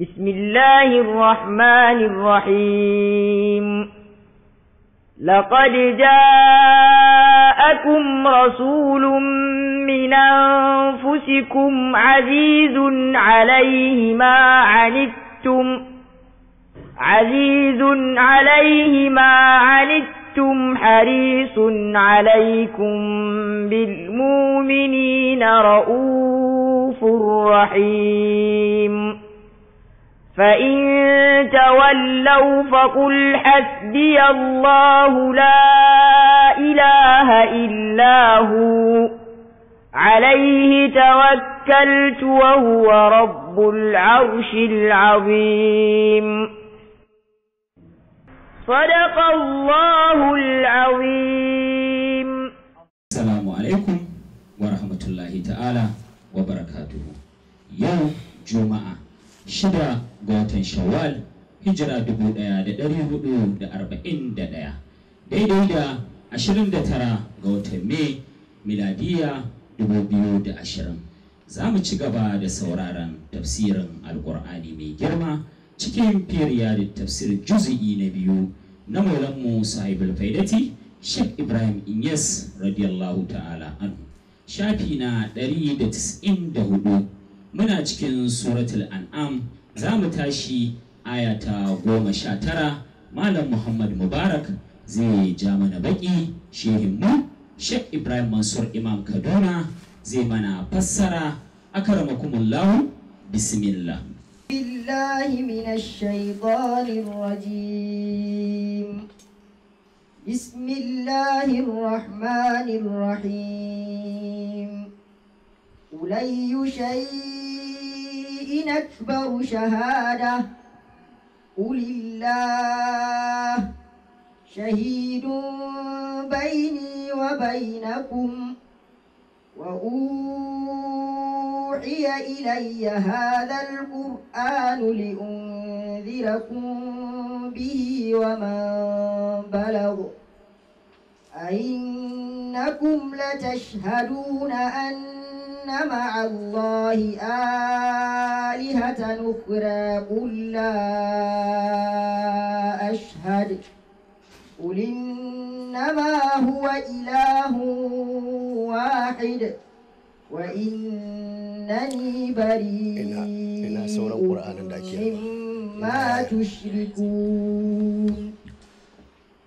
بسم الله الرحمن الرحيم لقد جاءكم رسول من أنفسكم عزيز عليه ما عنتم عزيز عليه ما عنتم حريص عليكم بالمؤمنين رؤوف رحيم فإن تولوا فقل حسبي الله لا إله إلا هو عليه توكلت وهو رب العرش العظيم صدق الله العظيم السلام عليكم ورحمة الله تعالى وبركاته يوم جمعة شدأ ga watan shawwal hijira ɗaya. daidai da ashirin da tara ga watan mai miladiya dubu 2020 za mu ci gaba da sauraron tafsirin alkur'ani mai girma cikin firiya da tafsir juzi'i na biyu na maulanmu sahibul faidati Sheikh Ibrahim Inyas radiyallahu ta'ala anhu shafi na ɗari da da hudu muna cikin suratul an'am za mu tashi aya ta goma sha tara malam muhammad mubarak zai ja mana baki shehinmu shek ibrahim mansur imam kaduna zai mana fassara akaramakumullahu bismillah بالله من الشيطان الرجيم بسم الله الرحمن الرحيم ولي شيء إن أكبر شهادة قل الله شهيد بيني وبينكم وأوحي إلي هذا القرآن لأنذركم به ومن بلغ أئنكم لتشهدون أن مع الله آلهة أخرى قل لا أشهد قل إنما هو إله واحد وإنني بريء مما تشركون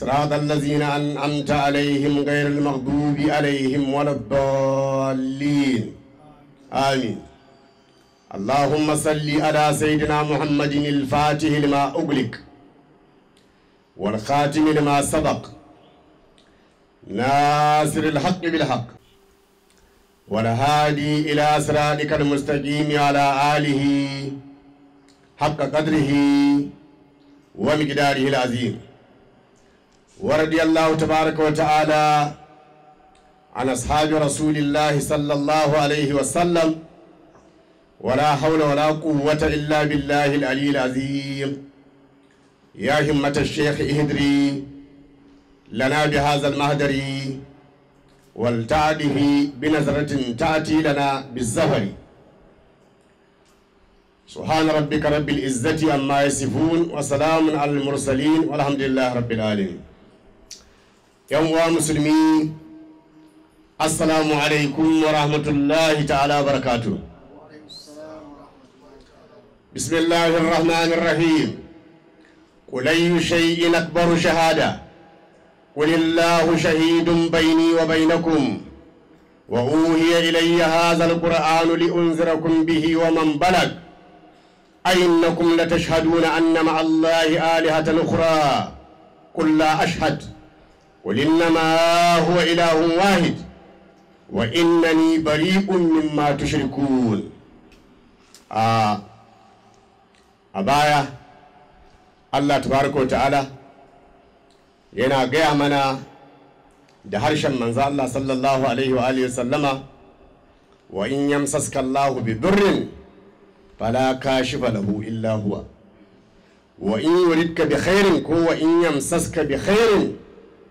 صراط الذين أنعمت عليهم غير المغضوب عليهم ولا الضالين آمين اللهم صل على سيدنا محمد الفاتح لما أغلق والخاتم لما سبق ناصر الحق بالحق والهادي إلى صراطك المستقيم على آله حق قدره ومقداره العظيم ورضي الله تبارك وتعالى عن أصحاب رسول الله صلى الله عليه وسلم ولا حول ولا قوة إلا بالله العلي العظيم يا همة الشيخ اهدري لنا بهذا المهدر ولتعده بنظرة تأتي لنا بالزهر سبحان ربك رب العزة عما يصفون وسلام على المرسلين والحمد لله رب العالمين yan uwa musulmi assalamu alaikum wa rahmatullahi ta'ala بسم الله الرحمن الرحيم قل أي شيء أكبر شهادة قل الله شهيد بيني وبينكم وأوهي إلي هذا القرآن لأنذركم به ومن بلغ أئنكم لتشهدون أن مع الله آلهة أخرى قل لا أشهد قل إنما هو إله واحد وإنني بريء مما تشركون آه أبايا الله تبارك وتعالى yana gaya mana da harshen manzo Allah sallallahu alaihi wa alihi sallama wa in yamsaska Allahu bi durrin fala kashifa lahu illa huwa wa in yuridka bi khairin ko wa in yamsaska bi khairin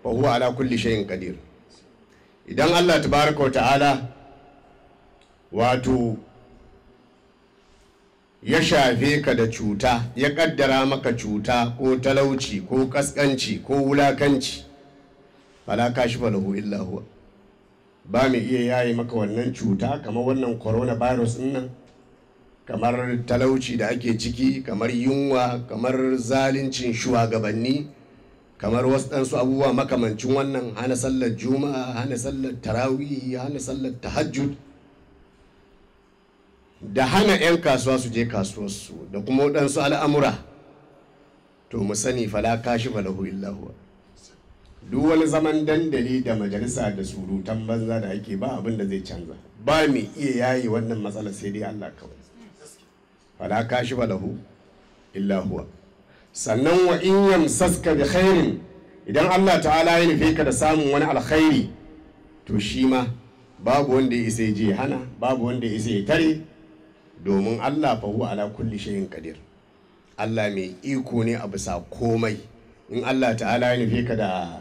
wa ala kulli shay'in kadir idan Allah tabaraka wa ta'ala wato ya shafe ka da cuta ya kaddara maka cuta ko talauci ko kaskanci ko wulakanci fala kashifa lahu illa huwa ba mu iya yaye maka wannan cuta kamar wannan coronavirus nan kamar talauci da ake ciki kamar yunwa kamar zalincin shugabanni kamar wasu ɗansu abubuwa makamancin wannan hana sallar juma'a hana sallar tarawihi hana sallar tahajjud da hana 'yan kasuwa su je kasuwarsu da kuma waɗansu al'amura to mu sani fala kashi falahu illahu duk wani zaman dandali da majalisa da surutan banza da ake ba abin da zai canza ba mai iya yayi wannan matsala sai dai Allah kawai fala kashi falahu illahu sannan wa in yamsaska bi khairin idan Allah ta'ala ya nufe ka da samun wani alkhairi to shi ma babu wanda ya isa je hana babu wanda ya isa ya tare domin Allah fa huwa ala kulli shay'in qadir Allah mai iko ne a bisa komai in Allah ta'ala ya nufe ka da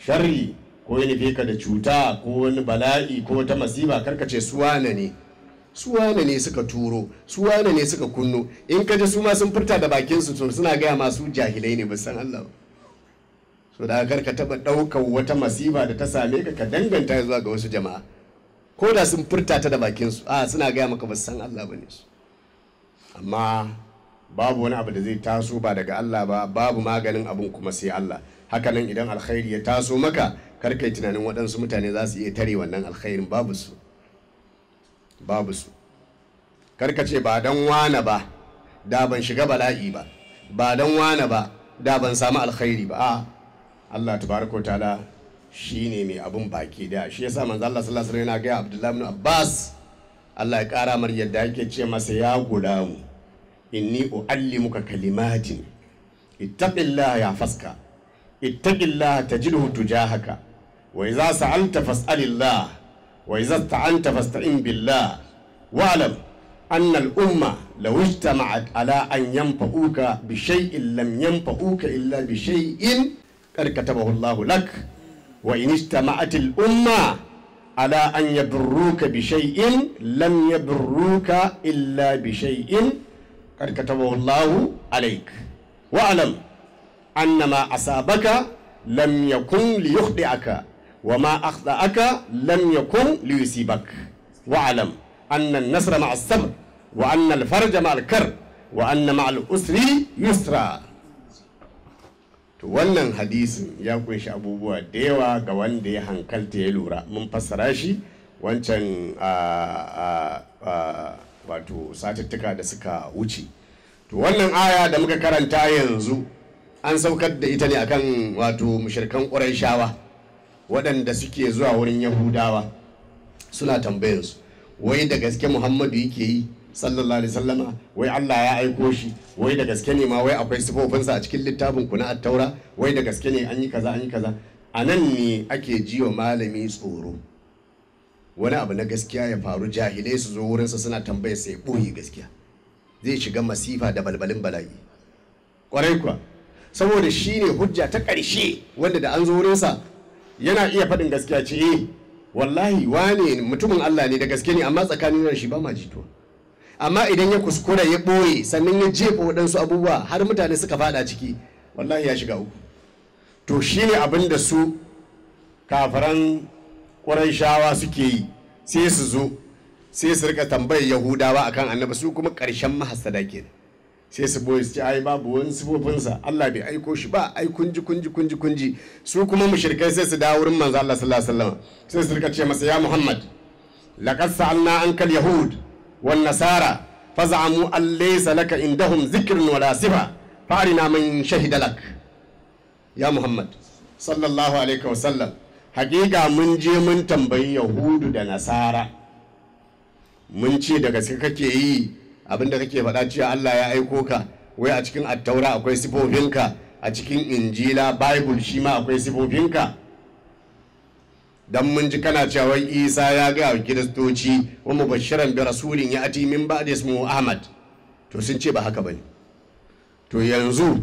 sharri ko ya nufe ka da cuta ko wani bala'i ko wata masiba karkace suwana ne su wane ne suka turo su wane ne suka kunno in ka ji su ma sun furta da bakin to suna gaya masu jahilai ne san Allah so da kar ka taba ɗaukar wata masifa da ta same ka ka danganta zuwa ga wasu jama'a ko da sun furta ta da bakin a suna gaya maka ba san Allah bane su amma babu wani abu da zai taso ba daga Allah ba babu maganin abun kuma sai Allah haka nan idan alkhairi ya taso maka kar kai tunanin waɗansu mutane za su iya tare wannan alkhairin babu su babu su karka ce ba don wane ba da ban shiga bala'i ba ba don wane ba da ban samu alkhairi ba a Allah tabaraka ta'ala shine mai abun baki da shi yasa manzo Allah sallallahu alaihi wasallam yana ga Abdullahi Abbas Allah ya kara mar yadda yake ce masa ya gulamu inni uallimuka kalimatin ittaqillaha ya faska ittaqillaha tajidhu tujahaka wa idza sa'alta fas'alillah وإذا استعنت فاستعن بالله واعلم أن الأمة لو اجتمعت على أن ينفعوك بشيء لم ينفعوك إلا بشيء قد كتبه الله لك وإن اجتمعت الأمة على أن يبروك بشيء لم يبروك إلا بشيء قد كتبه الله عليك واعلم أن ما أصابك لم يكن ليخدعك wa ma aka lam yakun li yusibak wa alam anna an-nasra ma'a as-sabr wa anna al-farja ma'a wa anna ma'a al-usri yusra to wannan hadisin ya kunshi abubuwa da yawa ga wanda ya hankalta ya lura mun fassara shi wancan wato satattuka da suka wuce to wannan aya da muka karanta yanzu an saukar da ita ne akan wato mushirkan ƙurai shawa waɗanda suke zuwa wurin yahudawa suna tambayarsu wai da gaske muhammadu yake yi sallallahu alaihi sallama wai Allah ya aiko shi wai da gaske ne ma wai akwai sifofinsa a cikin littafin ku na attaura wai da gaske ne an yi kaza an yi kaza a nan ne ake ji wa malami tsoro wani abu na gaskiya ya faru jahilai su zo wurinsa suna tambayar sai ɓoye gaskiya zai shiga masifa da balbalin bala'i ƙwarai kuwa saboda shi ne hujja ta ƙarshe wanda da an zo wurinsa yana iya faɗin gaskiya ce eh wallahi wane mutumin Allah ne da gaske ne amma tsakanin da shi ba ma jituwa amma idan ya kuskura ya ɓoye sannan ya jefa waɗansu abubuwa har mutane suka faɗa ciki wallahi ya shiga uku to shi ne abin da su kafaran shawa suke yi sai su zo sai su rika tambayar yahudawa akan annabi su kuma ƙarshen mahasada kenan sai su boye su ci ai babu wani sifofinsa Allah bai aiko shi ba ai kunji kunji kunji kunji su kuma mushrikai sai su dawo wurin manzo Allah sallallahu alaihi wasallam sai su rika ce masa ya Muhammad laqad sa'alna al yahud wan nasara faz'amu an laysa laka indahum dhikrun wala sifa fa'rina man shahida lak ya Muhammad sallallahu alaihi wasallam hakika mun je mun tambayi yahudu da nasara mun ce daga gaske kake yi abinda kake faɗa cewa Allah ya aiko ka wai a cikin attaura akwai sifofinka a cikin injila bible shi ma akwai sifofinka dan mun ji kana cewa wai Isa ya ga wa kiristoci wa mubashiran bi rasulin ya ati min ba'da ismu Ahmad to sun ce ba haka bane to yanzu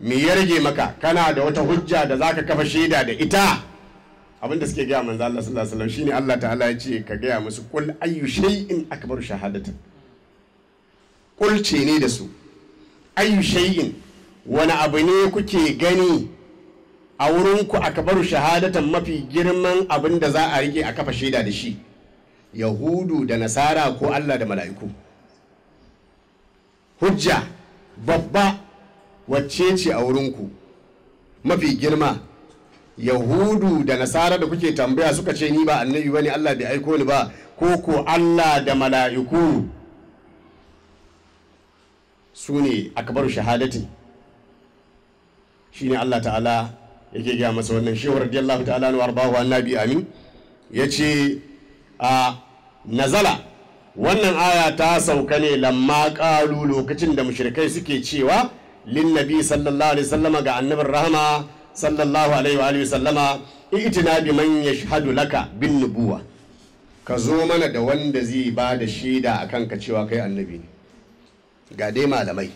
me ya rage maka kana da wata hujja da zaka kafa shaida da ita abinda suke gaya manzo Allah sallallahu alaihi wasallam shine Allah ta'ala ya ce ka gaya musu kul ayyu shay'in akbaru shahadatan kulce ne da su ayu shay'in wani abu ne kuke gani a wurinku a kabar shahadatan mafi girman abin da za a rike a kafa shaida da shi yahudu da nasara ko allah da mala'iku hujja babba wacce ce a wurinku mafi girma yahudu da nasara da kuke tambaya suka ce ni ba annabi ne allah bai aiko ni ba ko ko allah da mala'iku su ne kabar shahadatin shine Allah ta'ala yake gaya masa wannan shehu radiyallahu ta'ala wa arbahu annabi amin Ya ce a nazala wannan aya ta sauka ne lamma kalu lokacin da mushrikai suke cewa lin nabi sallallahu alaihi wasallama ga annabin rahama sallallahu alaihi wa alihi wasallama itina bi man yashhadu laka bin nubuwa ka zo mana da wanda zai ba da shaida akan ka cewa kai annabi ne ga dai malamai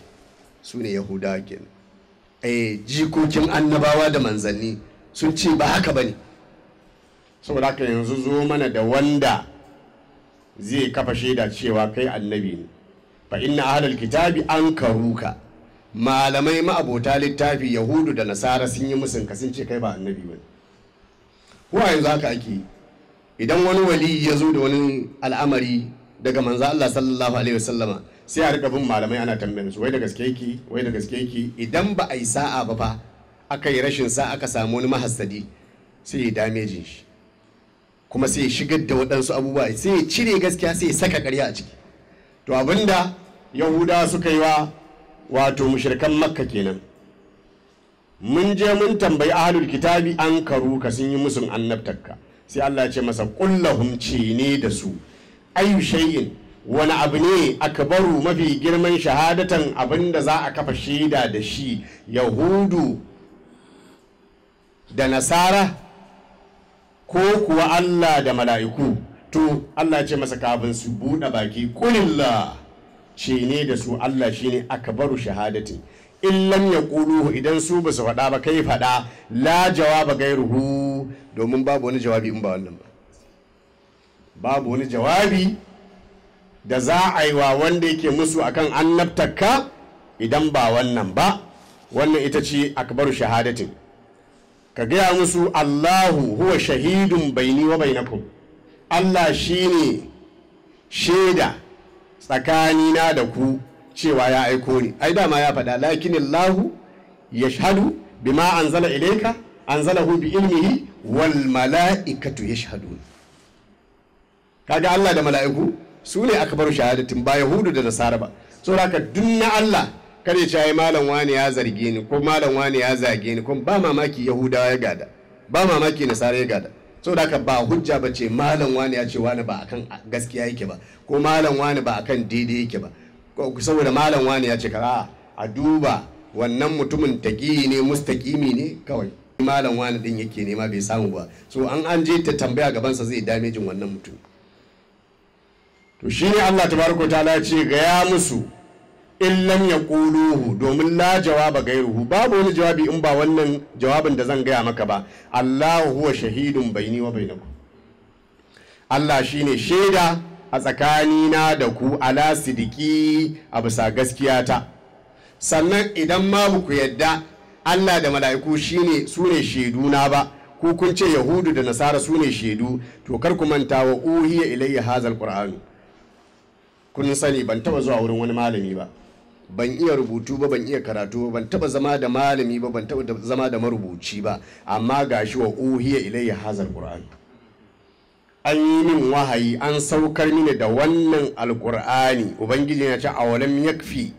su ne yahuda ke eh, jikokin annabawa da manzanni sun ce ba haka ba bane saboda haka yanzu zo mana da wanda zai kafa shaida cewa kai annabi ne fa inna ahlal kitabi an karuka malamai ma'abota littafi yahudu da nasara sun yi musinka sun ce kai ba annabi ba ne. kuwa yanzu haka ake idan wani wali ya zo da wani al'amari daga manzo Allah sallallahu alaihi wasallama sai a rika bin malamai ana tambayar su wai da gaske yake wai da gaske yake idan ba a yi sa'a ba fa aka yi rashin sa aka samu wani mahassadi sai ya damejin shi kuma sai ya shigar da waɗansu abubuwa sai ya cire gaskiya sai ya saka ƙarya a ciki to abinda yahuda suka yi wa wato mushrikan makka kenan mun je mun tambayi ahlul kitabi an karu ka sun yi musun annabtakka sai Allah ya ce masa kullahum humce ne da su ayu shay'in wani abu ne aka baru mafi girman shahadatan abin da za a kafa shaida da shi yahudu da nasara ko kuwa allah da mala'iku to allah ce masa kafin su buɗe baki kulillah ce ne da su allah shi ne aka akbaru shahadatin in lam ya kuluhu idan su ba su faɗa ba kai faɗa la jawaba gairuhu domin babu wani jawabi in ba wannan ba babu wani jawabi da za a yi wa wanda yake musu akan annabtaka idan ba wannan ba wannan ita ce akbaru shahadatin ka gaya musu allahu huwa shahidun baini wa bainakum allah shine shaida tsakani na da ku cewa ya aiko ni ai dama ya faɗa lakinillahu yashhadu bima anzala ilayka anzalahu bi ilmihi wal mala'ikatu yashhadun kaga allah da mala'iku su ne aka bar shahadatin ba yahudu da nasara ba saboda duk na Allah kare ce ai malam wani ya zarge ni ko malam wani ya zage ni ko ba mamaki yahudawa ya gada ba mamaki nasara ya gada saboda haka ba hujja ba ce malam wani ya ce wani ba akan gaskiya yake ba ko malam wani ba akan daidai yake ba saboda malam wani ya ce kara a duba wannan mutumin taki ne mustaqimi ne kawai malam wani din yake nema bai samu ba so an an je ta tambaya gabansa zai jin wannan mutum to shi ne Allah tabaraka ta'ala ce ga ya musu in lam yaquluhu domin la jawaba gairuhu babu wani jawabi in ba wannan jawabin da zan gaya maka ba Allah huwa shahidun baini wa bainakum Allah shi ne shaida a tsakani na da ku ala sidiki a bisa ta sannan idan ma ku yadda Allah da mala'iku ne su ne na ba ku kun ce yahudu da nasara su ne shaidu to kar ku manta wa uhiya ilayya hazal qur'anu kun sani ban taba zuwa wurin wani malami ba ban iya rubutu ba ban iya karatu ba ban taba zama da malami ba ban taba zama da marubuci ba amma gashi wa uhiya ilayya hazar qur'an an yi min wahayi an saukar mini da wannan alqur'ani ubangiji ya ce awalam yakfi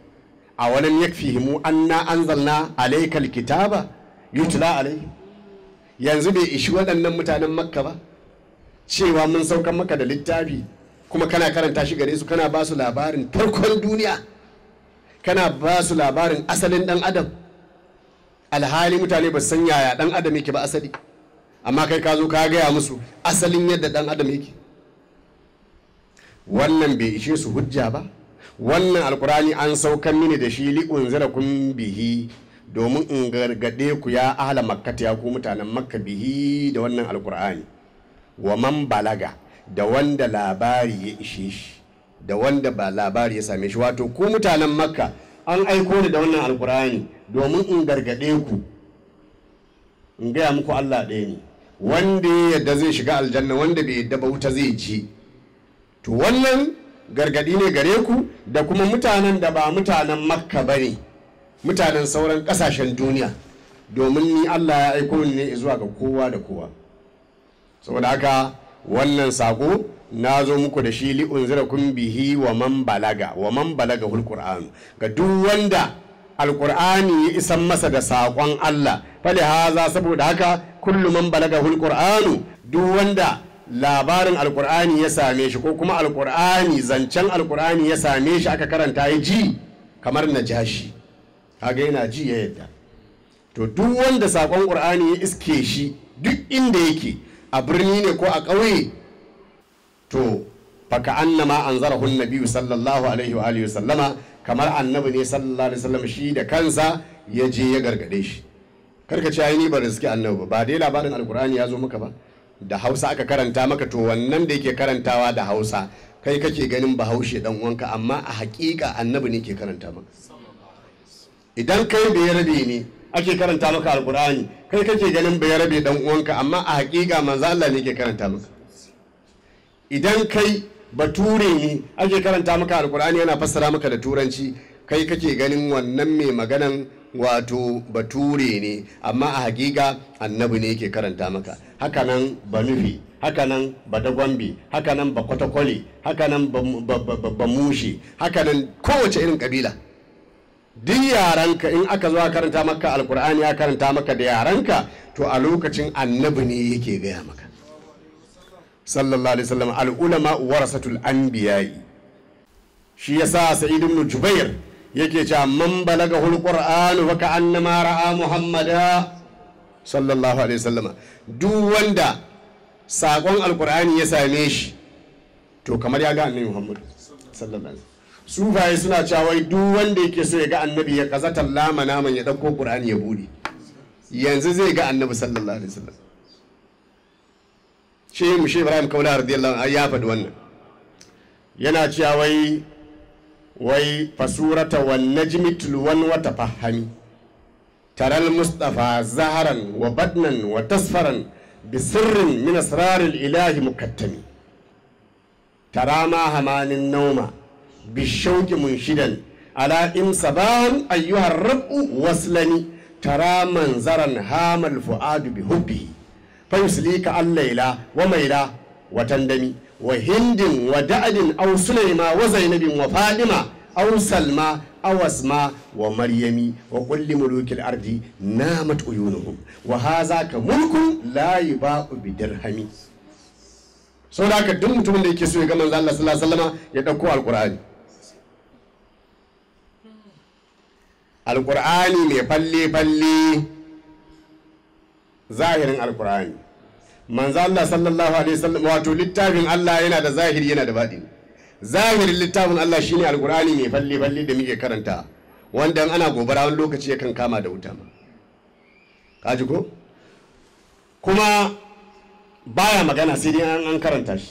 awalam himu anna anzalna alaykal kitaba yutla alayhi yanzu bai ishi waɗannan mutanen makka ba cewa mun saukar maka da littafi kuma kana karanta shi gare su kana ba su labarin farkon duniya kana ba su labarin asalin dan adam alhali mutane ba san yaya dan adam yake ba asali amma kai ka zo ka gaya musu asalin yadda dan adam yake wannan bai ishe su hujja ba wannan alkurani an saukan mini da shi li'un zira kun bihi domin in gargade ku ya ahla makkataya ya ku mutanen makka bihi da wannan alkur'ani wa man balaga da wanda labari ya ishe shi da wanda ba labari ya same shi wato ku mutanen makka an aiko ni da wannan alkur'ani domin in gargaɗe ku in gaya muku allah ɗaya ne wanda ya yadda zai shiga aljanna wanda bai yadda ba wuta zai je to wannan gargaɗi ne gare ku da kuma mutanen da ba mutanen makka ba ne mutanen sauran ƙasashen duniya domin ni allah ya aiko ni ne zuwa ga kowa da kowa saboda haka wannan sako na zo muku da shi zira kun bihi wa man balaga wa man balaga hul ga duk wanda alqur'ani ya isan masa da sakon Allah fali haza saboda haka kullu man balaga hul duk wanda labarin alqur'ani ya same shi ko kuma alqur'ani zancen alqur'ani ya same shi aka karanta ya ji kamar jashi kaga yana ji ya yadda to duk wanda sakon qur'ani ya iske shi duk inda yake a birni ne ko a ƙauye to faka annama an anzarahu nabiyyu sallallahu alaihi wa sallama kamar annabi ne sallallahu alaihi wasallam shi da kansa ya je ya gargade shi karka ce ai ni ba riski annabi ba dai labarin alkur'ani ya zo maka ba da hausa aka karanta maka to wannan da yake karantawa da hausa kai kake ganin bahaushe dan uwanka amma a hakika annabi ne ke karanta maka idan kai bai rabe ne ake karanta maka alkur'ani kai kake ganin bai rabe dan uwanka amma a hakika manzo Allah ne ke karanta maka idan kai bature ne ake karanta maka alkur'ani yana fassara maka da turanci kai kake ganin wannan mai maganan wato bature ne amma a hakika annabi ne ke karanta maka hakanan ba nufi hakanan ba haka hakanan ba haka hakanan ba mushi hakanan kowace irin kabila duk yaranka in aka zo karanta maka alkur'ani ya karanta maka da yaranka to a lokacin annabi ne yake gaya maka sallallahu alaihi wasallam al'ulama warasatul anbiya'i shi yasa sa'id ibn jubair yake cewa man balaga hul qur'anu fa ka'annama ra'a muhammada sallallahu alaihi wasallam duk wanda sakon alkur'ani ya same shi to kamar ya ga annabi muhammad sallallahu alaihi sufaye suna cewa duk wanda yake so ya ga annabi ya kaza tallama naman ya dauko qur'ani ya bude yanzu zai ga annabi sallallahu alaihi wasallam shehu mu shehu ibrahim kaula radiyallahu anhu ya faɗi wannan yana cewa wai wai fasurata wan najmi tulwan wa tafahami taral mustafa zaharan wa badnan wa tasfaran bisirrin min asraril ilahi mukattami tara ma hamanin nauma bishauki shidan ala imsaban ayyuhar rabu waslani tara manzaran hamal fu'adu bi hubbi fa yuslika allaila wa maila wa tandami wa hindin wa da'adin aw sulaima wa zainabin wa fadima aw salma aw asma wa maryami wa kulli mulukil ardi namat uyunuhum wa hadha ka mulkun la yuba'u bi dirhami saboda haka duk mutumin da yake so ya ga manzo Allah sallallahu alaihi wasallama ya dauko alqur'ani alkur'ani mai falle-falle zahirin alkur'ani manzo Allah sallallahu alaihi wasallam wato littafin Allah yana da zahiri yana da baɗi zahirin littafin Allah shine alkur'ani mai falle-falle da muke karanta wanda ana gobara wani lokaci yakan kama da wuta kaji ko kuma baya magana sai dai an karanta shi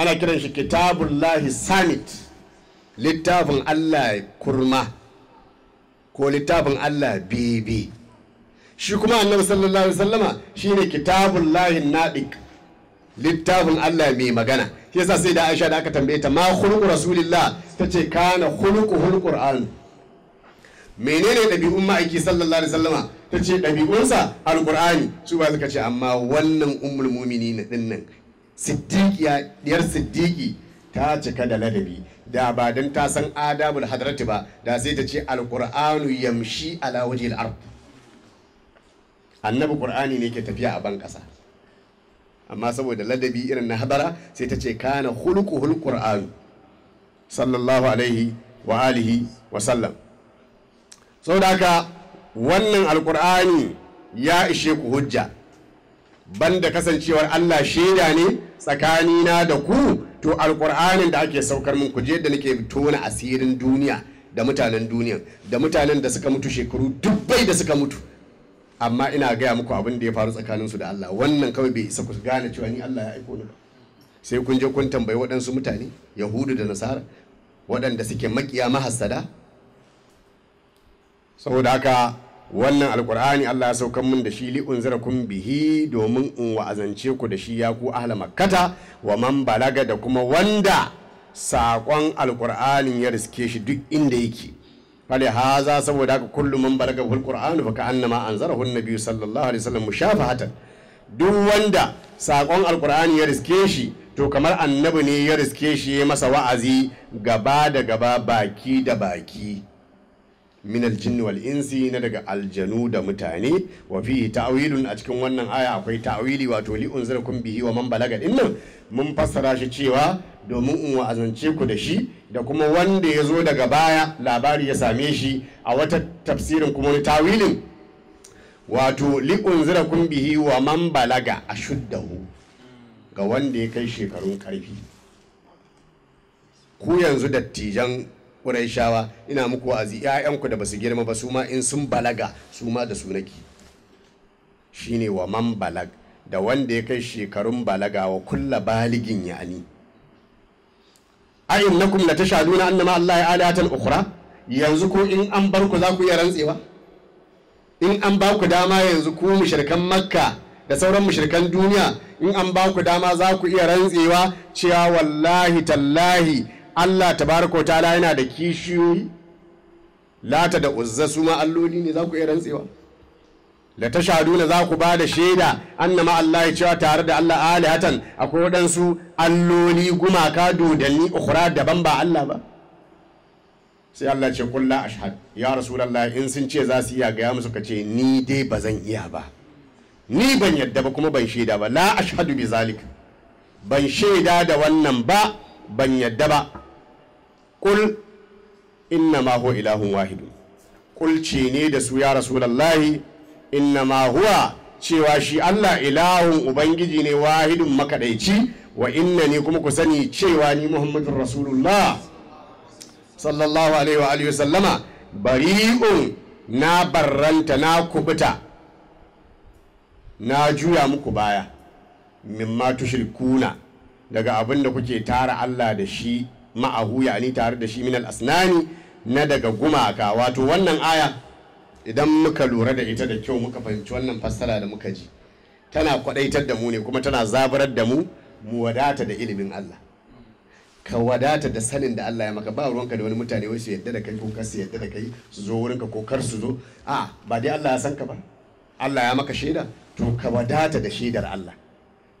ana kiran shi kitabullahi samit littafin Allah kurma ko littafin Allah bibi shi kuma annabi sallallahu alaihi wasallama shine kitabul lahin nadiq littafin Allah mai magana shi yasa sai da Aisha da aka tambaye ta ma khuluqu rasulillah tace kana khuluquhul qur'an menene ɗabi'un ma'aiki sallallahu alaihi wasallama tace ɗabi'unsa alqur'ani su ba suka ce amma wannan ummul mu'minin din nan siddiqiya diyar siddiqi ta cika da ladabi da ba don ta san adabul hadarati ba da sai ta ce alqur'anu yamshi ala waje annabi ƙur'ani ne ke tafiya a ban ƙasa. amma saboda ladabi irin na hadara sai ta ce kana hulku qur'an sallallahu alaihi wa alihi wa sallam saboda haka wannan Alƙur'ani ya ishe ku hujja banda kasancewar Allah shaida ne tsakanina da ku to alƙur'anin da ake saukar min kuje da nake tona asirin duniya da mutanen duniya da mutanen da suka mutu shekaru dubbai da suka mutu amma ina gaya muku abin da ya faru tsakaninsu da Allah wannan kawai bai isa ku gane cewa ni Allah ya aiko ni ba sai kun je kun tambayi waɗansu mutane yahudu da nasara waɗanda suke makiya mahassada saboda haka wannan alkur'ani Allah ya saukan mun da shi li unzira kun bihi domin in wa'azance ku da shi ya ku ahla makkata wa man balaga da kuma wanda saƙon alkur'anin ya riske shi duk inda yake fali haza saboda haka kullum man balaga fil qur'an fa ka annama anzarahu an-nabi sallallahu alaihi wasallam mushafahatan duk wanda saƙon alkur'ani ya riske shi to kamar annabi ne ya riske shi ya masa wa'azi gaba da gaba baki da baki min aljin wal insi na daga aljanu da mutane wa fi ta'wilun a cikin wannan aya akwai ta'wili wato li unzirakum bihi wa man balaga dinnan mun fassara shi cewa domin in wa'azance ku da shi da kuma wanda ya zo daga baya labari ya same shi a wata tafsirin kuma wani tawilin wato li unzirakum bihi wa man balaga ashuddahu ga wanda ya kai shekarun karfi ku yanzu dattijan ƙurayshawa ina muku wa'azi ƴaƴanku da basu girma ba su ma in sun balaga su ma da su nake shine wa man balag da wanda ya kai shekarun balaga wa kulla baligin yani ayin nakum la tashaduna annama Allah ya alatan ukhra yanzu ko in an bar za ku iya rantsewa in an ba ku dama yanzu ku mushrikan makka da sauran mushrikan duniya in an ba ku dama za ku iya rantsewa cewa wallahi tallahi Allah tabaraka wa ta'ala yana da kishiyoyi lata da uzza su ma alloli ne za ku iya rantsewa Da ta tashhaduna za ku ba da shaida annama Allah ya cewa tare da Allah alihatan akwai waɗansu alloli gumaka dodanni ukhra daban ba Allah ba sai Allah ce kulla ashhad ya lallai in sun ce za su iya gaya musu ka ce ni dai ba zan iya ba ni ban yadda ba kuma ban shaida ba la ashhadu bi zalik ban shaida da wannan ba ban yadda ba ƙul inna ma huwa ilahun wahidu ƙul ce ne da su ya rasulallahi inna ma huwa cewa shi Allah ilahun ubangiji ne wahidun makaɗaici wa inna ni kuma ku sani cewa ni muhammadun rasulullah sallallahu alaihi wa alihi sallama bari'un na baranta na kubuta na juya muku baya min mimma kuna daga abin da kuke tara Allah da shi ma'ahu yani tare da shi min al-asnani na daga gumaka wato wannan aya idan muka lura da ita da kyau muka fahimci wannan fassara da muka ji tana kwadaitar da mu ne kuma tana zabarar da mu mu wadata da ilimin Allah ka wadata da sanin da Allah ya maka ba ruwanka da wani mutane wai su yadda da kai ko kar su yadda da kai su zo wurinka ko kar su zo a ba dai Allah ya san ka ba Allah ya maka shaida to ka wadata da shaidar Allah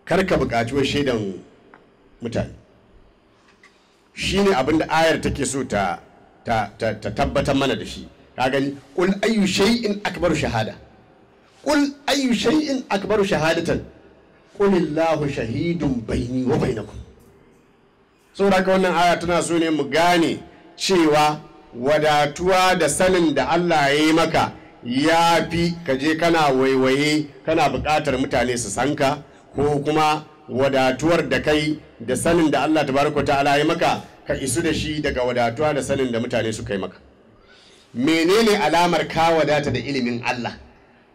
kar ka buƙaci shaidan mutane shine abin da ayar take so ta tabbatar mana da shi ka gani qul ayyu shay'in akbaru shahada qul ayyu shay'in akbaru shahadatan qul illahu shahidun baini wa bainakum saboda ka wannan aya tana so ne mu gane cewa wadatuwa da sanin da Allah ya yi maka ya fi ka je kana waiwaye kana buƙatar mutane su sanka ko kuma wadatuwar da kai da sanin da Allah tabaraka ta'ala ya maka ka isu da shi daga wadatuwa da sanin da mutane suka yi maka menene alamar ka wadata da ilimin Allah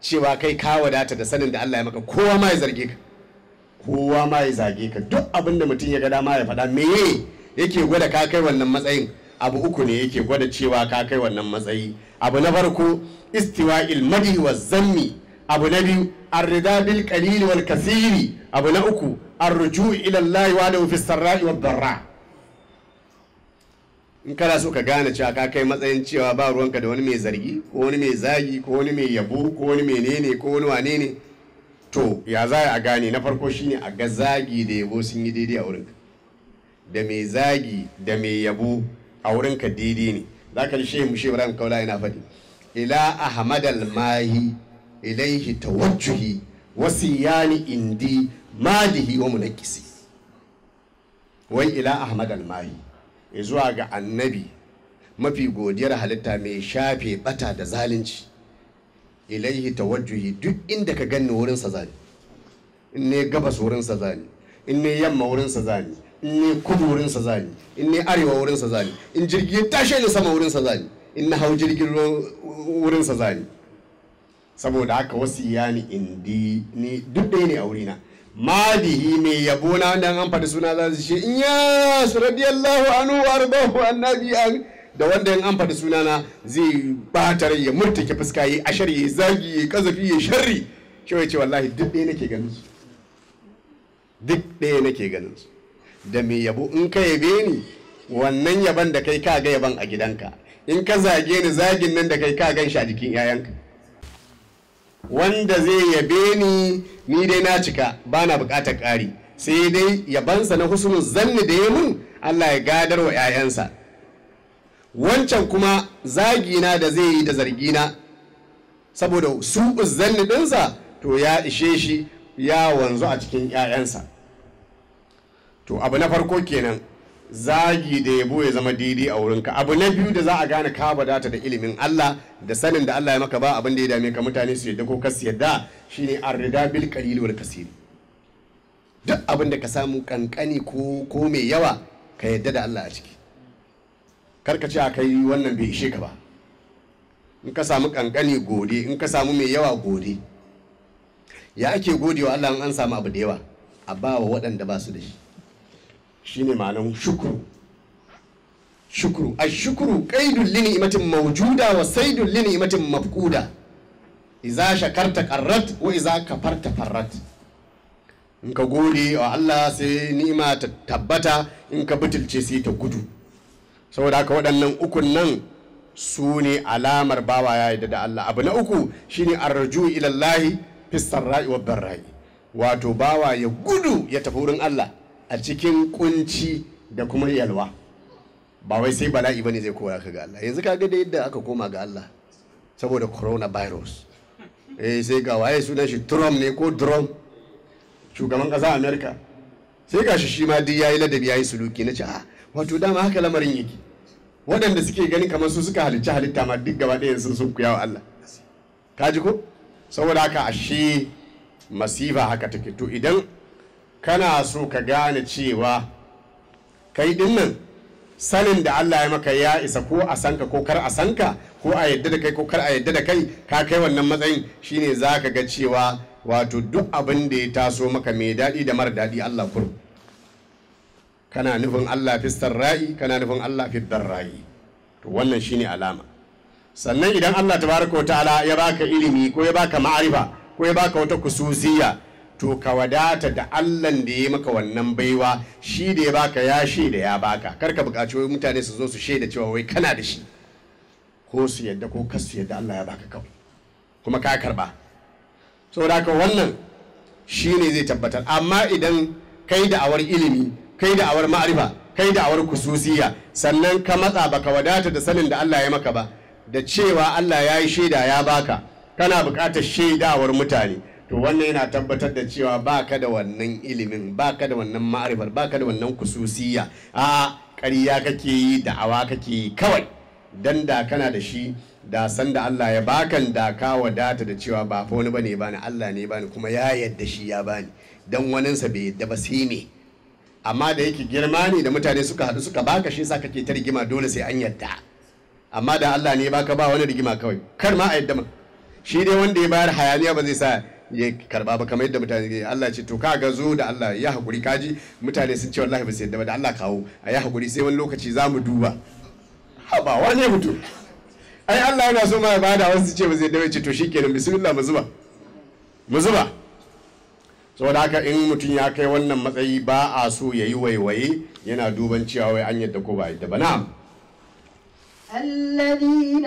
cewa kai ka wadata da sanin da Allah ya maka kowa ma ya zarge ka kowa ma ya zage ka duk abin da mutum ya ga dama ya faɗa meye yake gwada ka kai wannan matsayin abu uku ne yake gwada cewa ka kai wannan matsayi abu na farko istiwa'il ilmadi wa zanni abu na biyu arrida bil qalil wal kasiri abu na uku arruju ila Allah wa lahu fis sarra'i wad darra in kana so ka gane cewa ka kai matsayin cewa ba ruwanka da wani mai zargi ko wani mai zagi ko wani mai yabo ko wani menene ko wani wane ne to ya za a gane na farko shine a ga zagi da yabo sun yi daidai a wurinka da mai zagi da mai yabo a wurinka daidai ne za ka ji mu shehu ibrahim kaula ina faɗi ila ahmad mahi ilaihi tawajjuhi wasiyani indi malihi wa munakisi wai ila ahmad almahi zuwa ga annabi mafi godiyar halitta mai shafe bata da zalunci ilaihi tawajjuhi duk inda ka ganni wurin sa zani in ne gabas wurin sa zani in ne yamma wurin sa zani in ne kudu wurin sa zani in ne arewa wurin sa zani in jirgi ya tashi ne sama wurin sa zani in na hau jirgin wurin sa zani saboda haka wasu iyali indi ni duk ɗaya ne a wurina malihi mai yabo na wanda an faɗi suna za su ce in ya su radiyallahu anhu ardahu annabi an da wanda an faɗi suna na zai bata rai ya murtake fuska yi ashar ya zagi ya kazafi ya sharri shi ce wallahi duk ɗaya nake ganin su duk ɗaya nake ganin su da mai yabo in ka yabe ni wannan yaban da kai ka ga yaban a gidanka in ka zage ni zagin nan da kai ka gan shi a jikin 'ya'yanka wanda zai yabe ni ni dai na cika ba na bukatar ƙari sai dai yabansa na husnul zanni da ya mun Allah ya gadar wa 'ya'yansa wancan kuma zagina da zai yi da zargina saboda su zanni ɗinsa to ya ishe shi ya wanzu a cikin 'ya'yansa to abu na farko kenan zagi da yabo ya zama daidai a wurinka abu na biyu da za a gane ka wadata da ilimin Allah da sanin da Allah ya maka ba abin da ya dame ka mutane su yadda ko kas yadda shine arrida bil qalil wal kasir duk abin da ka samu kankani ko mai yawa ka yadda da Allah a ciki karka ce kai wannan bai ishe ka ba in ka samu kankani gode in ka samu mai yawa gode ya ake godewa Allah in an samu abu da yawa a bawa waɗanda ba su da shi shine ma'anar shukuru shukuru a shukuru qaidul lini imatin mawjuda wa saidul lini imatin mafkuda iza shakarta qarrat wa iza kafarta farrat in ka gode wa Allah sai ni'ima ta tabbata in ka butulce sai ta gudu saboda haka waɗannan ukun nan su ne alamar bawa ya yarda da Allah abu na uku shine arju ila Allah fi sarra'i wa barra'i wato bawa ya gudu ya tafi wurin Allah a cikin kunci da kuma yalwa ba wai sai bala'i bane zai kowa ka ga Allah yanzu ka ga da yadda aka koma ga Allah saboda coronavirus eh sai ga waye sunan shi Trump ne ko Trump shugaban ƙasa America sai ga shi shi ma duk yayi ladabi yayi suluki na ce a ah, wato dama haka lamarin yake waɗanda suke gani kamar su suka halicci halitta ma duk gaba ɗaya sun sun kuyawa Allah ka ji ko saboda haka ashe masifa haka take to idan kana so ka gane cewa kai dinnan sanin da Allah ya maka ya isa ko a sanka ko kar a sanka ko a yadda da kai ko kar a yadda da kai ka kai wannan matsayin shine za ka ga cewa wato duk abin da ya taso maka mai daɗi da mara daɗi Allah kuru kana nufin Allah fi ra'i kana nufin Allah fi ra'i to wannan shine alama sannan idan Allah tabaraka ta'ala ya baka ilimi ko ya baka ma'arifa ko ya baka wata kususiya to ka wadata da allan da ya maka wannan baiwa shi da ya baka ya da ya baka kar ka buƙaci wai mutane su zo su shaida cewa wai kana da shi ko su yadda ko ka su yadda allah ya baka kawai kuma ka karba saboda haka wannan shi ne zai tabbatar amma idan kai da awar ilimi kai da awar ma'arifa kai da awar kususiya sannan ka matsa baka wadata da sanin da allah ya maka ba da cewa allah ya yi shaida ya baka kana bukatar shaidawar mutane to wannan yana tabbatar da cewa ba ka da wannan ilimin ba ka da wannan ma'arifar ba ka da wannan kususiya a ƙarya kake yi da awa kake yi kawai dan da kana da shi da san da Allah ya bakan da ka wadata da cewa ba fa wani bane bani Allah ne bani kuma ya yadda shi ya bani dan waninsa bai yadda ba sai ne amma da yake girma ne da mutane suka haɗu suka baka shi sa kake ta rigima dole sai an yadda amma da Allah ne baka ba wani rigima kawai kar ma a yadda ma shi dai wanda ya bayar hayaniya ba zai sa ya karba ba kamar yadda mutane ne Allah ce to ka ga zo da Allah ya hakuri kaji mutane sun ce wallahi ba su yadda ba da Allah kawo a ya hakuri sai wani lokaci za mu duba ba wani mutum ai Allah yana so ma ya bada wasu su ce ba zai ba ce to shikenan bismillah mu zuba mu zuba saboda haka in mutum ya kai wannan matsayi ba a so yayi waiwaye yana duban cewa wai an yadda ko ba yadda ba na'am الذين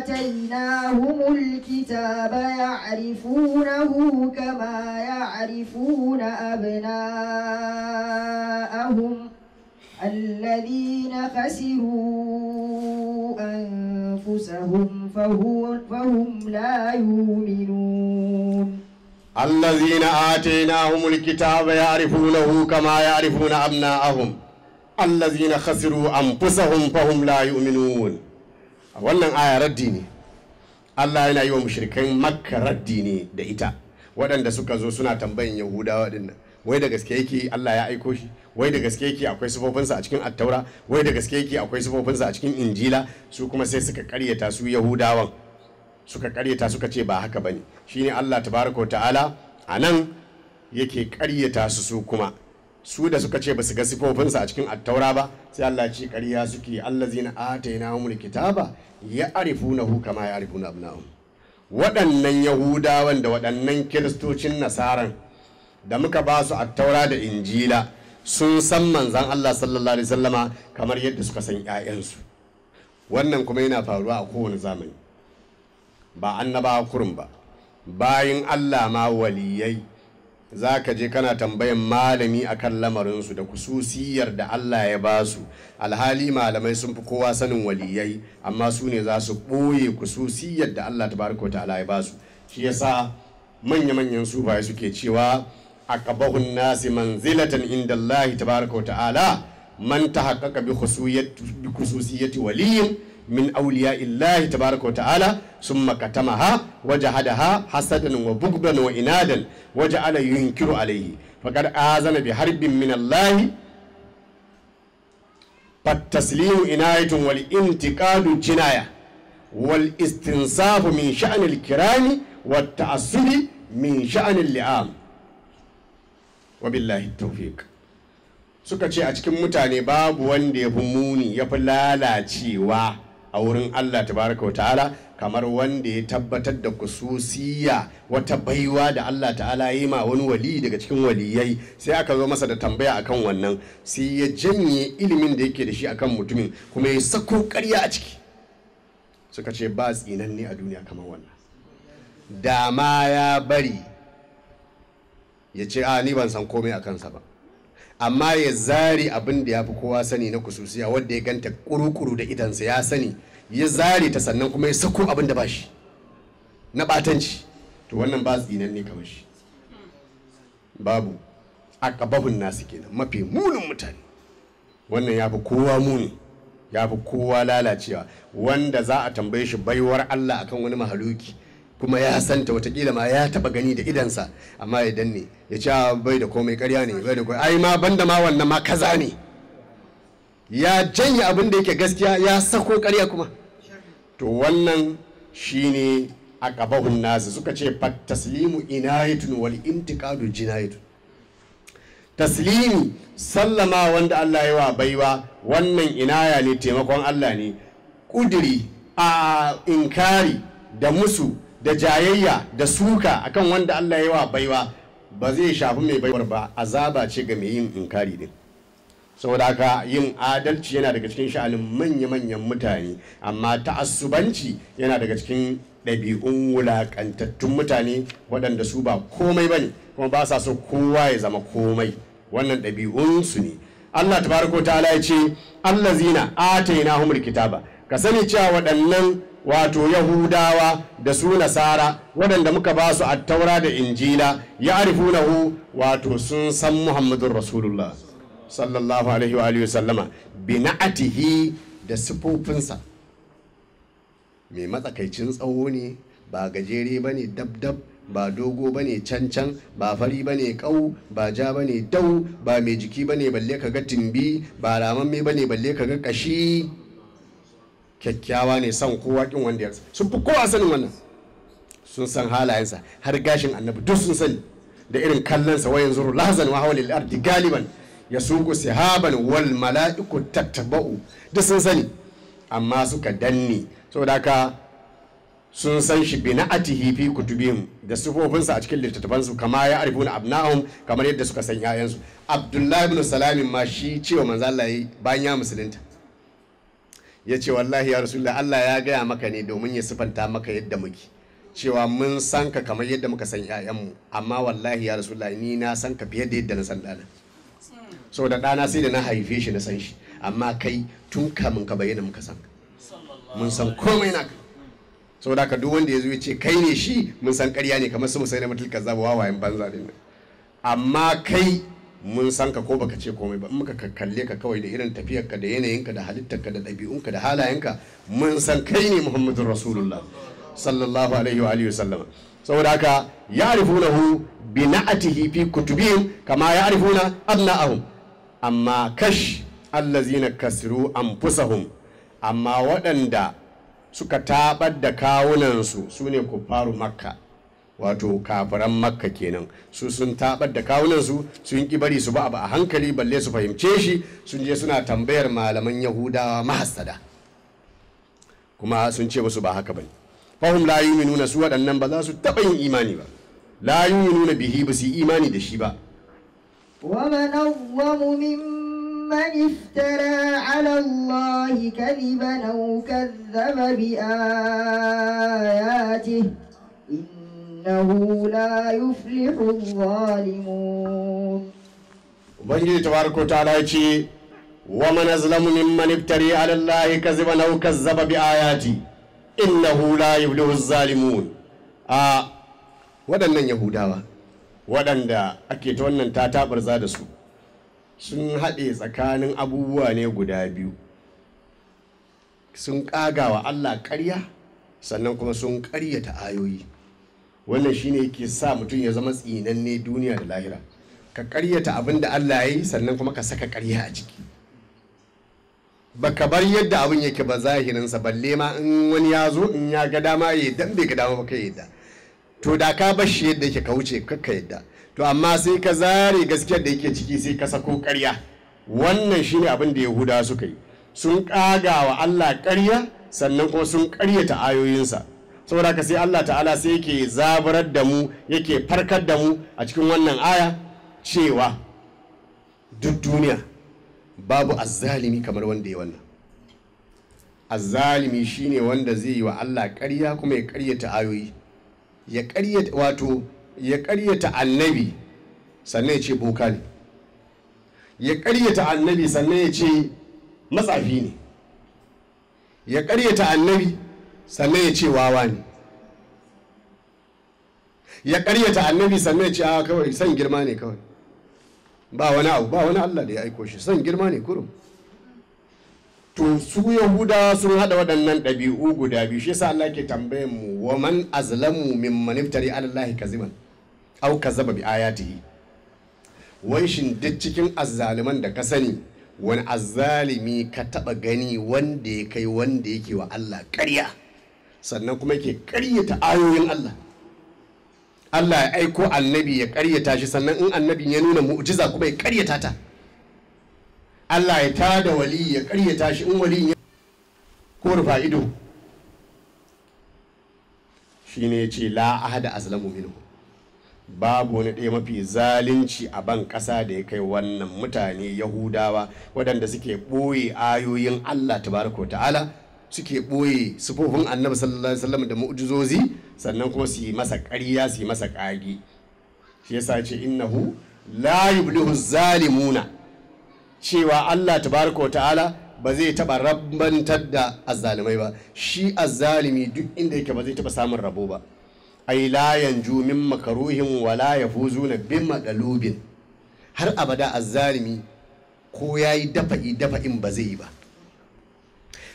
آتيناهم الكتاب يعرفونه كما يعرفون أبناءهم الذين خسروا أنفسهم فهم لا يؤمنون الذين آتيناهم الكتاب يعرفونه كما يعرفون أبناءهم allazina khasiru anfusahum fahum la yu'minun wannan aya raddi ne Allah yana yi wa mushrikan makka raddi ne da ita waɗanda suka zo suna tambayin yahudawa dinnan wai da gaske yake Allah ya aiko shi wai da gaske yake akwai sa a cikin attaura wai da gaske yake akwai sa a cikin injila su kuma sai suka karyata su yahudawan suka karyata suka ce ba haka bane shine Allah tabaraka ta'ala anan yake karyata su su kuma su da suka ce ba su ga sifofinsa a cikin attaura ba sai Allah ce ƙarya suke allazina atayna humul kitaba ya arifunahu kama ya arifuna abnahum waɗannan yahudawan da waɗannan kiristocin nasaran da muka ba su attaura da injila sun san manzan Allah sallallahu alaihi wasallama kamar yadda suka san ƴaƴansu wannan kuma yana faruwa a kowane zamani ba annabawa kurum ba bayan Allah ma waliyai za ka je kana tambayan malami akan lamarinsu da kususiyar da Allah ya ba su alhali malamai sun fi kowa sanin waliyai amma su ne za su ɓoye kususiyar da Allah tabaraka ta'ala ya ba su shi yasa manya-manyan sufaye suke cewa aqbahun nasi manzilatan inda Allah tabaraka ta'ala man haƙaƙa bi kususiyar waliyin min illahi tabaraka wa ta'ala sun ha waje hada ha, hasadan wa bugdan wa inadan wa kiro yunkiru alayhi faqad azana bi harbin min wal فالتسليم jinaya wal istinsafu Min sha'anil Kirami, الكرام والتعصب min sha'anil li'am wa billahi tawfiq suka ce a cikin mutane babu wanda ya fi muni ya fi lalacewa a wurin Allah tabaraka wa ta'ala kamar wanda ya tabbatar da kususiya wata baiwa da Allah ta'ala ya yi ma wani wali daga cikin waliyai sai aka zo masa da tambaya akan wannan sai ya janye ilimin da yake da shi akan mutumin kuma ya sako karya a ciki suka ce ba tsinanne a duniya kamar wannan da ya bari ya ce a ni ban san komai a kansa ba amma ya zari abin da ya fi kowa sani na kususiya wadda ya ganta kurukuru da idansa ya sani ya zari ta sannan kuma ya sako abin da ba shi na batanci to wannan ba tsinan ne kamar shi babu akabahun nasu kenan mafi munin mutane wannan ya fi kowa muni ya fi kowa lalacewa wanda za a tambaye shi baiwar Allah akan wani mahaluki kuma ya santa watakila ma ya taba gani da idansa amma ya danne ya ci ah, bai da komai karya ne bai da komai ai ma banda ma wannan ma kaza ne ya janye abin da yake gaskiya ya sako karya kuma to wannan shine a ƙabahun nasu suka ce fa taslimu inayatun wal intiqadu jinayatun taslimi sallama wanda Allah ya wa baiwa wannan inaya ne taimakon Allah ne ƙudiri a inkari da musu da jayayya da suka akan wanda Allah ya yi wa baiwa ba zai shafi mai baiwar ba azaba ce ga mai yin inkari din saboda haka yin adalci yana daga cikin sha'anin manya-manyan mutane amma ta'assubanci yana daga cikin ɗabi'un wulaƙantattun mutane waɗanda su ba komai ba ne kuma ba sa so kowa ya zama komai wannan ɗabi'unsu ne Allah ta tabaraka ta'ala ya ce allazina atainahumul kitaba ka sani cewa waɗannan wato yahudawa da su nasara waɗanda muka ba su attaura da injila ya hu wato sun san muhammadun rasulullah sallallahu alaihi wa alihi sallama bi na'atihi da sifofinsa mai matsakaicin tsawo ne ba gajere ba ne dab-dab ba dogo ba ne can-can ba fari ba ne ƙau ba ja ba ne dau ba mai jiki ba ne balle ka ga timbi ba ramamme ba ne balle ka ga ƙashi kyakkyawa ne son kowa kin wanda ya sun fi kowa sanin wannan sun san halayensa har gashin annabi duk sun sani da irin kallonsa wa yanzu lahzan wa hawlil ardi galiban yasuqu sihaban wal mala'iku tattaba'u duk sun sani amma suka danne saboda haka sun san shi bi na atihi fi kutubihim da sufofinsa a cikin littattafansu kama ya na abnahum kamar yadda suka san 'ya'yansu abdullahi ibn salamin ma shi cewa manzo Allah bayan ya musulunta ya ce wallahi ya rasulullah Allah ya gaya maka ne domin ya sifanta maka yadda muke cewa mun san ka kamar yadda muka san ƴaƴanmu amma wallahi ya rasulullah ni na san ka fiye da yadda na san ɗana so da ɗana sai da na haife shi na san shi amma kai tun kamin ka bayyana muka san mun san komai naka saboda ka duk wanda ya zo ya ce kai ne shi mun san ƙarya ne kamar su musayi na mutul kazzaba wawayen banza din amma kai mun san ka ko baka ce komai ba muka kalle ka kawai da irin tafiyarka da yanayinka da halittarka da ɗabi'unka da halayenka mun san kai ne muhammadun rasulullah sallallahu alaihi wa alihi sallama saboda haka ya hu bi na'atihi fi kutubihim kama ya ya'rifuna abna'ahum amma kash allazina kasru anfusahum amma waɗanda suka tabar da kawunansu su ne kuffaru makka wato kafiran makka kenan su sun tabar da kawunansu sun ki bari su ba a hankali balle su fahimce shi sun je suna tambayar malaman yahudawa mahassada kuma sun ce musu ba haka bane fahim la nuna su waɗannan ba za su taɓa yin imani ba la nuna bihi ba su yi imani da shi ba ومن أظلم ممن افترى innahu la yuflihu zalimun ubangiji tabaraka ta'ala yace wa man azlamu mimman iftari ala allahi kaziban aw kazzaba bi ayati innahu la yuflihu zalimun a waɗannan yahudawa waɗanda ake ta wannan tatabarza da su sun haɗe tsakanin abubuwa ne guda biyu sun ƙaga wa allah ƙarya sannan kuma sun ƙaryata ayoyi wannan shine yake sa mutum ya zama tsinanne duniya da lahira ka karyata abin da Allah ya yi sannan kuma ka saka karya a ciki Ba ka bar yadda abin yake ba zahirinsa balle ma in wani ya zo in ya ga dama ya yadda bai ga dama ba ka yadda to da ka bar shi yadda yake ka wuce kakka yadda to amma sai ka zare gaskiyar da yake ciki sai ka sako karya wannan shine abin da yahuda suka yi sun kaga wa Allah karya sannan kuma sun karyata ayoyinsa saboda ka sai Allah ta'ala sai yake zabarar da mu yake farkar da mu a cikin wannan aya cewa duk duniya babu azzalimi kamar wanda ya wannan azzalimi shine wanda zai yi wa Allah ƙarya kuma ya ƙaryata ayoyi ya ƙaryata wato ya ƙaryata annabi sannan ya ce boka ne ya ƙaryata annabi sannan ya ce matsafi ne ya ƙaryata annabi sannan ya ce wawa ne ya karyata annabi sannan ya ce a kawai san girma ne kawai ba wani abu ba wani allah da ya aiko shi san girma ne kurum to su yahuda sun hada waɗannan ɗabi'u guda biyu shi yasa allah ke tambayan mu wa man azlamu min iftari alallahi kaziman au kazaba bi ayatihi wai shin duk cikin azzaliman da ka sani wani azzalimi ka taba gani wanda ya kai wanda yake wa allah ƙarya sannan kuma ke karyata ayoyin Allah Allah ya aiko annabi ya karyata shi sannan in Annabi ya nuna mu'jiza kuma ya karyata ta Allah ya tada wali ya karyata shi in wali ya ko rufa ido shine ya ce la ahada azlamu minhu babu wani ɗaya mafi zalunci a ban ƙasa da ya kai wannan mutane yahudawa waɗanda suke ɓoye ayoyin allah tabaraka ta'ala suke ɓoye sufofin annabi sallallahu alaihi wasallam da mu'jizozi sannan kuma su yi masa ƙarya su yi masa ƙage shi yasa ce innahu la yublihu zalimuna cewa Allah tabaraka ta'ala ba zai taba rabbantar da azzalimai ba shi azzalimi duk inda yake ba zai taba samun rabo ba ai la yanju min makaruhin wala yafuzuna bin madalubin har abada azzalimi ko yayi dafa'i dafa'in ba zai yi ba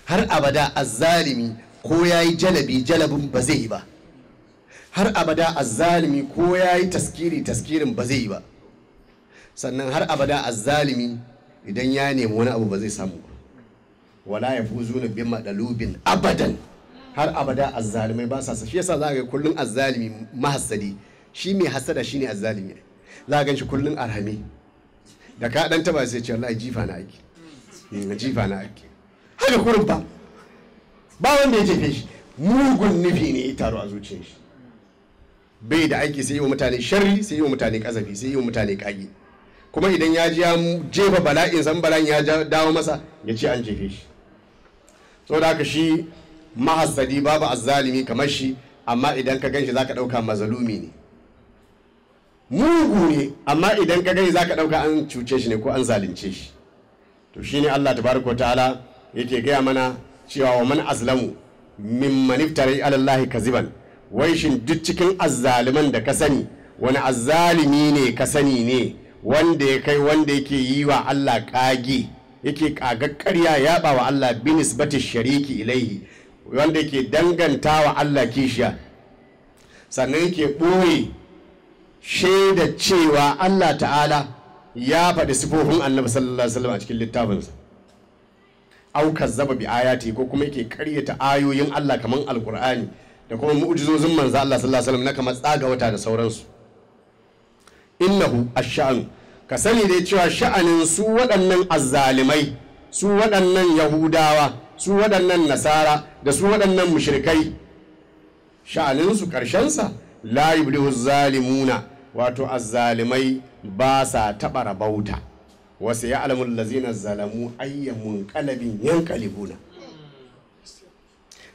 har abada azzalimi ko ya yi jalabi jalabin ba zai yi ba har abada azzalimi ko ya yi taskiri taskirin ba zai yi ba sannan har abada azzalimi idan ya nemi wani abu ba zai samu ba wala ya fuzu na bin madalubin abadan har abada azzalimai ba sa sa shi yasa za ga kullun azzalimi mahassadi shi mai hasada shine azzalimi za ga shi kullun arhami da ka dan taba sai ce wallahi jifa na aiki hmm, jifa na aiki haka kurin ba ba wanda ya jefe shi mugun nufi ne ya taru a zuciyar shi bai da aiki sai yi wa mutane sharri sai yi wa mutane kasafi sai yi wa mutane kage kuma idan ya ji ya jefa bala'in san bala'in ya dawo masa ya ce an jefe shi saboda haka shi mahassadi babu azzalimi kamar shi amma idan ka ganshi zaka dauka mazalumi ne mugu ne amma idan ka gani zaka dauka an cuce shi ne ko an zalunce shi to shine Allah tabaraka ta'ala yake gaya mana cewa wa man azlamu mimman iftari alallahi kaziban wai shin duk cikin azzaliman da ka sani wani azzalimi ne ka sani ne wanda ya kai wanda yake yi wa Allah kage yake kagar ƙarya yaba wa Allah binis batis shariki ilaihi wanda yake danganta wa Allah kishiya sannan yake ɓoye shaida cewa Allah ta'ala ya faɗi sifofin annabi sallallahu alaihi wasallam a cikin littafinsa aukar zaba bi ayati ko kuma yake karyata ayoyin Allah kamar alkur'ani da kuma mu'jizozin manzo Allah sallallahu alaihi wasallam na kamar tsaga wata da sauransu innahu ash-sha'nu ka sani dai cewa sha'anin su waɗannan azzalimai su waɗannan yahudawa su waɗannan nasara da su waɗannan mushrikai sha'anin su karshensa la yublihu zalimuna wato azzalimai ba sa taɓa rabauta wasu ya alamun lazina zalamu ayyamun kalabin yan kalibuna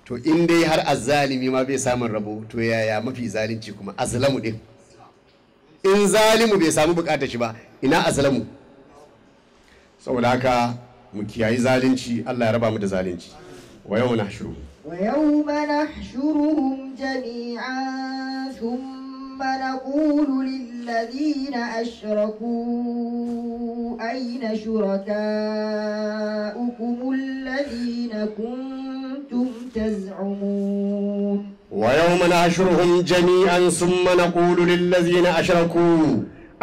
to in dai har azalimi ma bai samun rabo to yaya mafi zalunci kuma azlamu din in zalimu bai samu bukatar shi ba ina azlamu saboda haka mu kiyayi zalunci Allah ya raba mu da zalunci wa yau na shuru wa yau na shuruhum ثم نقول للذين أشركوا أين شركاؤكم الذين كنتم تزعمون ويوم نحشرهم جميعا ثم نقول للذين أشركوا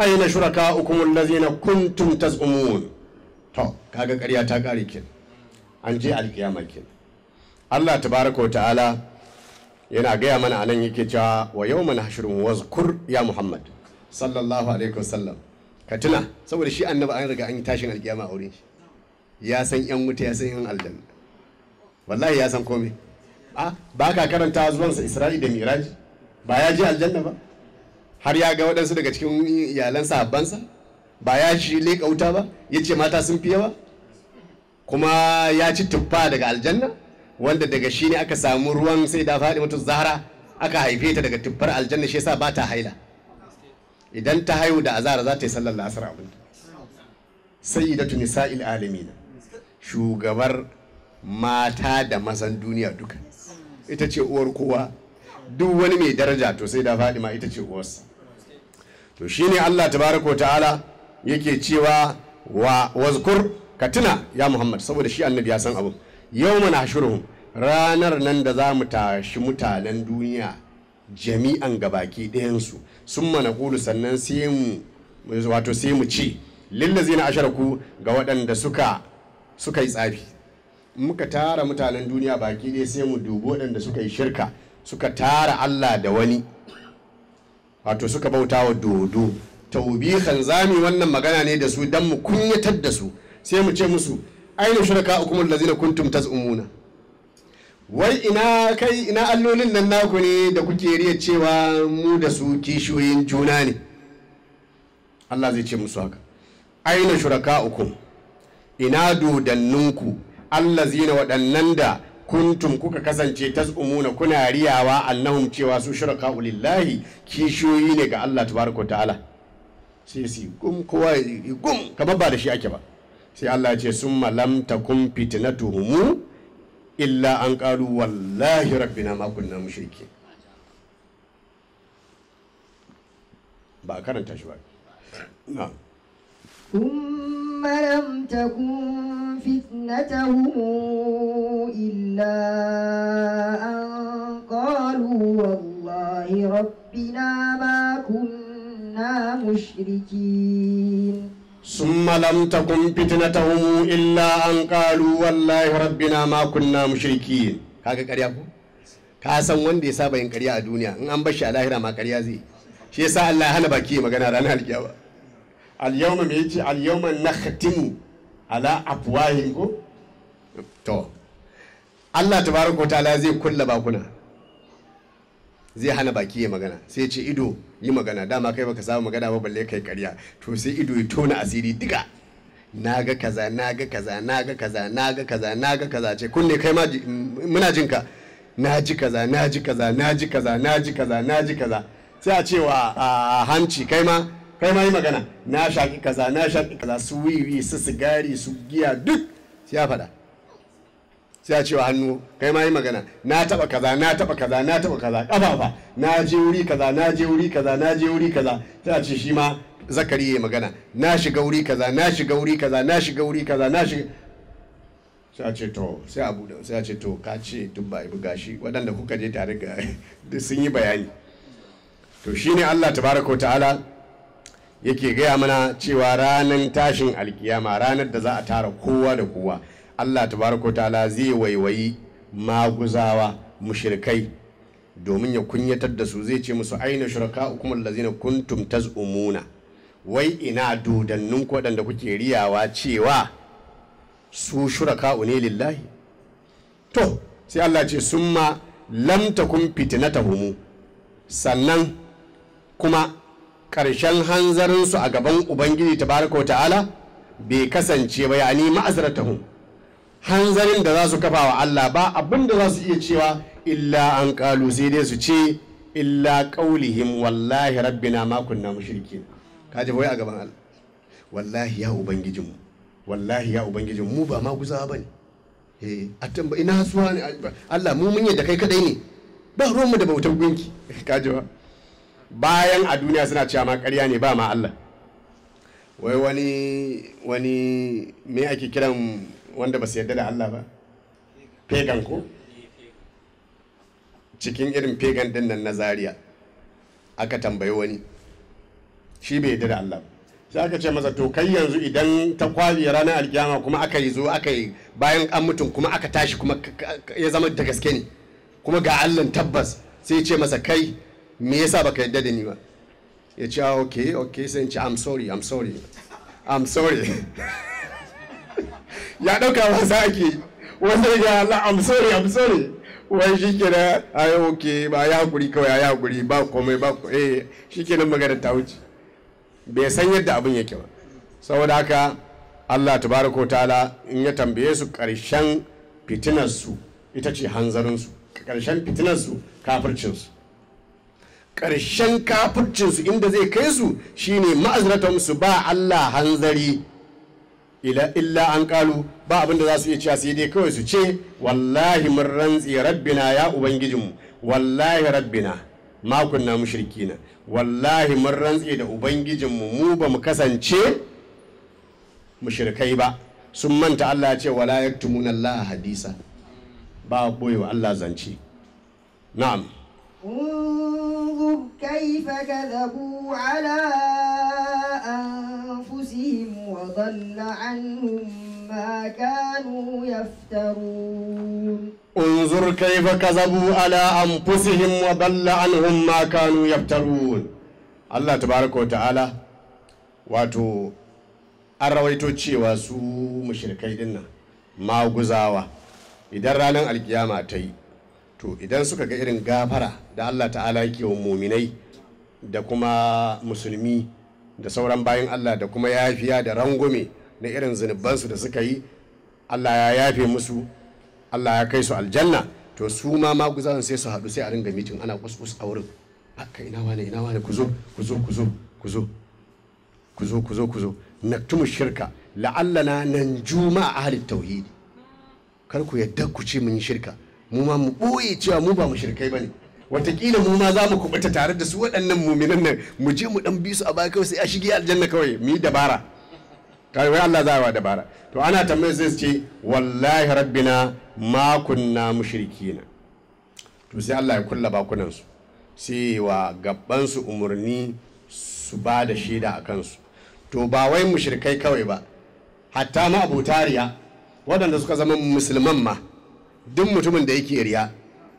أين شركاؤكم الذين كنتم تزعمون to kaga ƙarya ta ƙare kin an je alƙiyama kin Allah yana gaya mana anan yake cewa wa yau mana hashirin wazkur ya muhammad sallallahu alaihi wasallam ka tuna saboda shi annaba an riga an yi tashin alkiyama a wurin shi ya san yan wuta ya san yan aljanna wallahi ya san komai a ba ka karanta zuwansa isra'i da miraji ba ya je aljanna ba har ya ga waɗansu daga cikin iyalan sahabbansa ba ya shi leƙa wuta ba ya ce mata sun fiye ba? kuma ya ci tuffa daga aljanna wanda daga shi ne aka samu ruwan sai da faɗi mutu zahara aka haife ta daga tuffar aljanna shi yasa ba ta haila idan ta haihu da azara za ta yi sallar la'asar abin sayyidatu nisa'il alamin shugabar mata da mazan duniya duka ita ce uwar kowa duk wani mai daraja to sai da faɗi ma ita ce uwarsa to shine Allah tabaraka ta'ala yake cewa wa wazkur ka tuna ya Muhammad saboda shi annabi ya san abu yau mana shirin ranar nan da za mu tashi mutanen duniya jami'an gabaki ɗayansu sun mana kulu sannan sai mu wato sai mu ci lillazi na ga waɗanda suka yi tsafi muka tara mutanen duniya baki ɗaya sai mu dubi waɗanda suka yi shirka suka tara allah da wani wato suka bauta wa dodo taubihan zami wannan magana ne da su don mu kunyatar da su sai mu ce musu aina shuraka ukumul lazina kuntum taz'umuna wai ina kai ina allolin nan naku ne da kuke riya cewa mu da su kishiyoyin juna ne Allah zai ce musu haka aina shuraka ukum ina dodanninku na waɗannan da kuntum kuka kasance tas'umuna kuna riyawa annahum cewa su shuraka ulillahi kishiyoyi ne ga Allah tabaraka ta'ala sai su gum kowa gum kamar ba da shi ake ba sai Allah ce sun malam ta kun tuhumu illa an ƙalu wallahi rabbina ma kunna mushriki ba a karanta shi ba na fitna ta تكن illa an أن قالوا rabbi na ma kunna مشركين ثم لم تكن فتنتهم إلا أن قالوا والله ربنا ما كنا مشركين kaga ƙarya ko ka san wanda ya saba yin ƙarya a duniya in an bar shi a lahira ma ƙarya zai shi yasa Allah ya hana baki ya magana ranar alkiyama al-yawma me yace al-yawma nakhtimu ala afwahihim ko to Allah tabaraka ta'ala zai kulla bakuna zai hana baki ya magana sai ce ido yi magana dama kai baka samu magana ba balle kai karya to sai ido ya tona asiri diga naga kaza naga kaza naga kaza naga kaza naga kaza ce kunne kai ma muna jin ka naji kaza naji kaza naji kaza naji kaza naji kaza sai a cewa a hanci kai ma kai ma yi magana na shaki kaza na shaki kaza su wiwi su sigari su giya duk sai ya faɗa sai a cewa hannu kai ma yi magana na taba kaza na taba kaza na taba kaza kafafa na je wuri kaza na je wuri kaza na je wuri kaza sai a ce shi ma zakari ya magana na shiga wuri kaza na shiga wuri kaza na shiga wuri kaza na shiga sai a ce to sai a buɗe sai a ce to ka ce duk ba buga shi waɗanda kuka je tare ga duk sun yi bayani to shine Allah tabaraka ta'ala yake gaya mana cewa ranar tashin alkiyama ranar da za a tara kowa da kowa Allah tabaraka ta'ala zai waiwayi maguzawa mushrikai domin ya kunyatar da su zai ce musu aina shuraka'ukum lazina kuntum taz'umuna wai ina dodannin ku da kuke riyawa cewa su shuraka'u ne lillahi to sai Allah ce summa lam takun fitnatahum sannan kuma ƙarshen hanzarinsu a gaban ubangiji tabaraka ta'ala bai kasance ba ya ni ma'azratahum hanzarin da za su kafa wa Allah ba abin da za su iya cewa illa an kalu sai dai su ce illa qaulihim wallahi rabbina ma kunna mushrikin kaji wai a gaban Allah wallahi ya mu. wallahi ya ubangijin mu ba ma guza bane eh a tamba ina suwa ne Allah mu mun yadda kai kadai ne ba ruwan mu da bautar gunki Ka ba bayan a duniya suna cewa ma ƙarya ne ba ma Allah wai wani wani me ake kiran wanda ba su yarda da Allah ba pagan ko cikin irin pagan din nan na zaria aka tambayi wani shi bai yarda da Allah sai aka ce masa to kai yanzu idan ta kwali ranar alkiyama kuma aka yi zo aka yi bayan an mutum kuma aka tashi kuma ya zama da gaske ne kuma ga Allah tabbas sai ce masa kai me yasa baka yarda da ni ba ya ce ah, okay okay sai in ce i'm sorry i'm sorry i'm sorry ya ɗauka wasa ake yi wanda ya la I'm sorry I'm sorry wai shi kenan ai oke ba ya guri kawai ya guri ba komai ba eh shi nan magana ta wuce bai san yadda abin yake ba saboda haka Allah tabaraka ta'ala in ya tambaye su karshen fitinar su ita ce hanzarin su karshen fitinar su kafircin su karshen kafircin su inda zai kai su shine ma'azratum su ba Allah hanzari ila illa an kalu ba abin da za su iya cewa sai dai kawai su ce wallahi mun rantsi rabbina ya ubangijinmu wallahi rabbina makon na mushrikina wallahi mun rantsi da ubangijinmu mu ba mu kasance mushrikai ba sun manta Allah ya ce wala yaktumuna Allah hadisa ba boyewa Allah zance na'am انظر كيف كذبوا على بهم وضل عنهم ما كانوا يفترون انظر كيف كذبوا على أنفسهم وضل عنهم ما كانوا يفترون الله تبارك وتعالى واتو an rawaito cewa su mushrikai dinnan maguzawa idan ranar alkiyama ta yi to idan suka ga irin gafara da allah ta'ala ke wa muminai da kuma musulmi da sauran bayan Allah da kuma yafiya da rangume na irin zunubansu da suka yi Allah ya yafe musu Allah ya kai su aljanna to su ma maguzawan sai su haɗu sai a ringa mitin ana kusus a wurin haka ah, ina wane ina wane ku zo ku zo ku zo ku zo ku zo ku zo ku zo naktumu shirka la'allana nan juma'a halin tauhidi kar ku yadda ku ce mun shirka mu ma mu ɓoye cewa mu ba mu shirkai bane watakila mu ma za mu kubuta tare da su waɗannan muminan nan mu je mu dan bi su a baya kawai sai a shige aljanna kawai mu yi dabara kai wai Allah za wa dabara to ana tambayar sai su ce wallahi rabbina ma kunna mushrikina to sai Allah ya kulla bakunan su sai wa gabban su umurni su ba da shaida a kansu to ba wai mushrikai kawai ba hatta ma abutariya waɗanda suka zama musulman ma duk mutumin da yake riya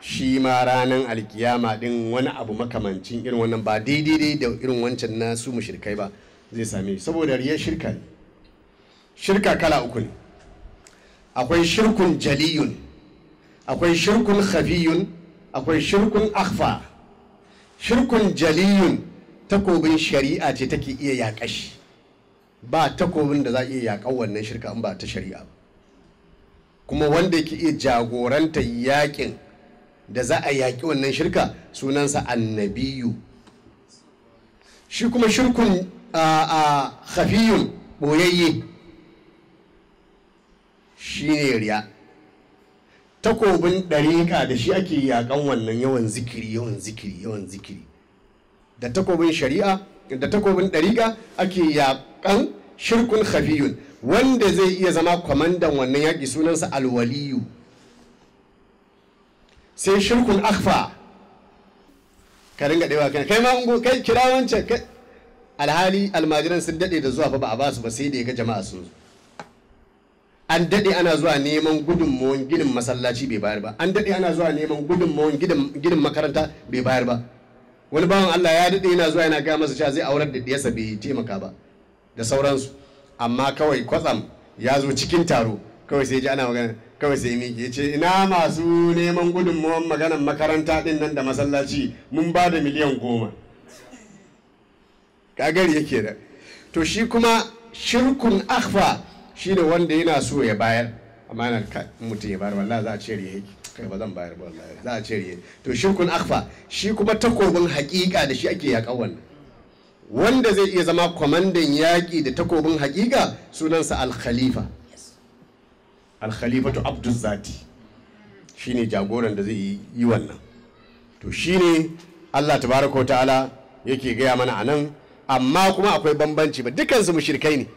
shi ma ranar alkiyama din wani abu makamancin irin wannan ba daidai da irin wancan na su mushrikai ba zai same saboda riyar shirka ne shirka kala uku ne akwai shirkun jaliyun akwai shirkun khafiyun akwai shirkun akhfa shirkun jaliyun takobin shari'a ce take iya shi ba takobin da za a iya yaƙa wannan shirka in ba ta shari'a ba kuma wanda ke iya jagorantar yaƙin da za a yaƙi wannan shirka sunansa annabiyu shi kuma shirkun a hafiyun ɓoyayye shi ne riya takobin ɗariƙa da shi ake yaƙan wannan yawan zikiri yawan zikiri yawan zikiri da takobin shari'a da takobin ɗariƙa ake yaƙan shirkun hafiyun. wanda zai iya zama kwamandan wannan yaƙi sunansa alwaliyu sai shirkul akfa ka ringa ɗewa kai kai ma kai kira wancan kai alhali almajiran sun daɗe da zuwa fa ba a basu ba sai da ya ga jama'a sun zo an daɗe ana zuwa neman mawon ginin masallaci bai bayar ba an daɗe ana zuwa neman gudunmawan ginin makaranta bai bayar ba wani bawan Allah ya daɗe yana zuwa yana gaya masa cewa zai aurar da ɗiyarsa bai taimaka ba da sauransu amma kawai kwatsam ya zo cikin taro kawai sai ji ana magana kawai sai miki ya ce ina masu neman gudunmuwan maganan makaranta din nan da masallaci mun ba da miliyan goma ya yake da to shi kuma shirkun akhfa shi ne wanda yana so ya bayar amma yana mutum ya bayar wallahi za a ce riye kai ba zan bayar wallahi za a ce riye to shirkun akhfa shi kuma takobin hakika da shi ake yaƙa wannan wanda zai iya zama kwamandan yaƙi da takobin hakika sunansa al-khalifa alkhalifatu abdul zati shine jagoran da zai yi wannan to shine Allah tabaraka wa ta'ala yake gaya mana anan amma kuma akwai bambanci ba dukansu mushrikai ne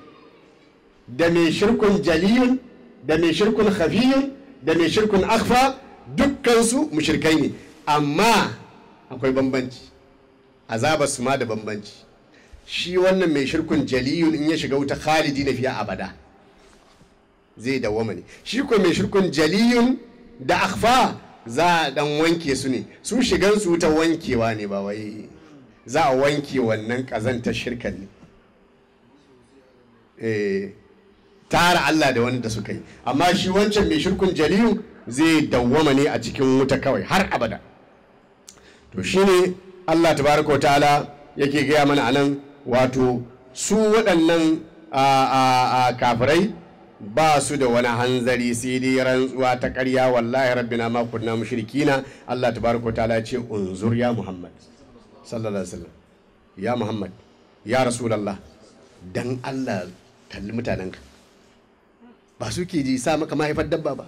da mai shirkun jaliyun da mai shirkun khafiyun da mai shirkun akhfa dukkansu mushrikai ne amma akwai bambanci azaba su ma da bambanci shi wannan mai shirkun jaliyun in ya shiga wuta khalidi na fiya abada zai dawwama ne shi kuwa mai shirkun jaliyun da akhfa za a dan wanke su ne su shigan su ta wankewa ne ba wai za a wanke wannan kazantar shirkan ne eh tara Allah da wani da suka yi amma shi wancan mai shirkun jaliyun zai dawwama ne a cikin wuta kawai har abada to shine Allah tabaraka wa ta'ala yake gaya mana anan wato su waɗannan kafirai ba su da wani hanzari sai dai rantsuwa ta ƙarya wallahi rabbina ma kunna mushrikina Allah tabaraka ta'ala ce unzur ya Muhammad sallallahu alaihi wasallam ya Muhammad ya rasulullah dan Allah kalli mutanenka ba su ke ji sa maka mahaifar dabba ba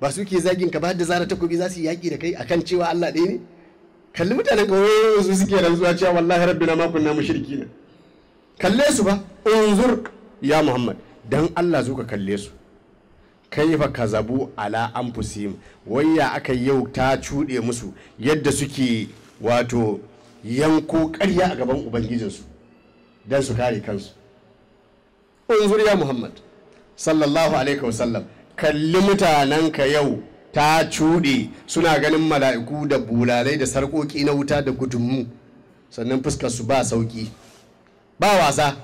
ba su ke zagin ka ba da zara takobi za su yi yaƙi da kai akan cewa Allah ɗaya ne kalli mutanen ka su suke rantsuwa cewa wallahi rabbina ma kunna mushrikina kalle su ba unzur ya Muhammad Don Allah zo kalle su kaifa kazabu ala anfusihim wayya aka yau ta cuɗe musu yadda suke wato yanko karya a gaban ubangijinsu don su kare kansu unzur ya muhammad sallallahu alaihi wasallam kalli mutanenka yau ta cuɗe suna ganin mala'iku da bulalai da sarƙoƙi na wuta da gudunmu sannan fuskar su ba sauƙi ba wasa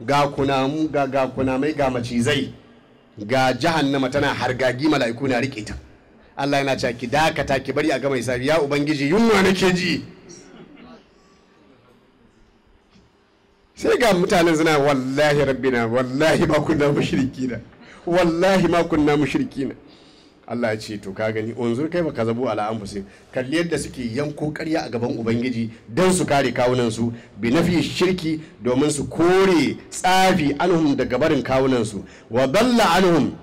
ga kunamu ga ga kunamai ga macizai ga jahannama tana hargagi mala'iku na rike ta Allah yana cewa ki dakata ki bari a gama isafi ya ubangiji yunwa nake ji sai ga mutanen suna wallahi rabbina wallahi ma kunna mushrikina wallahi ma kunna mushrikina Allah ya ce to ka gani unzur kai baka zabu ala anfusin kalli yadda suke yanko karya a gaban ubangiji don su kare kawunan su bi nafi shirki domin su kore tsafi anhum daga barin kawunan su wa dalla anhum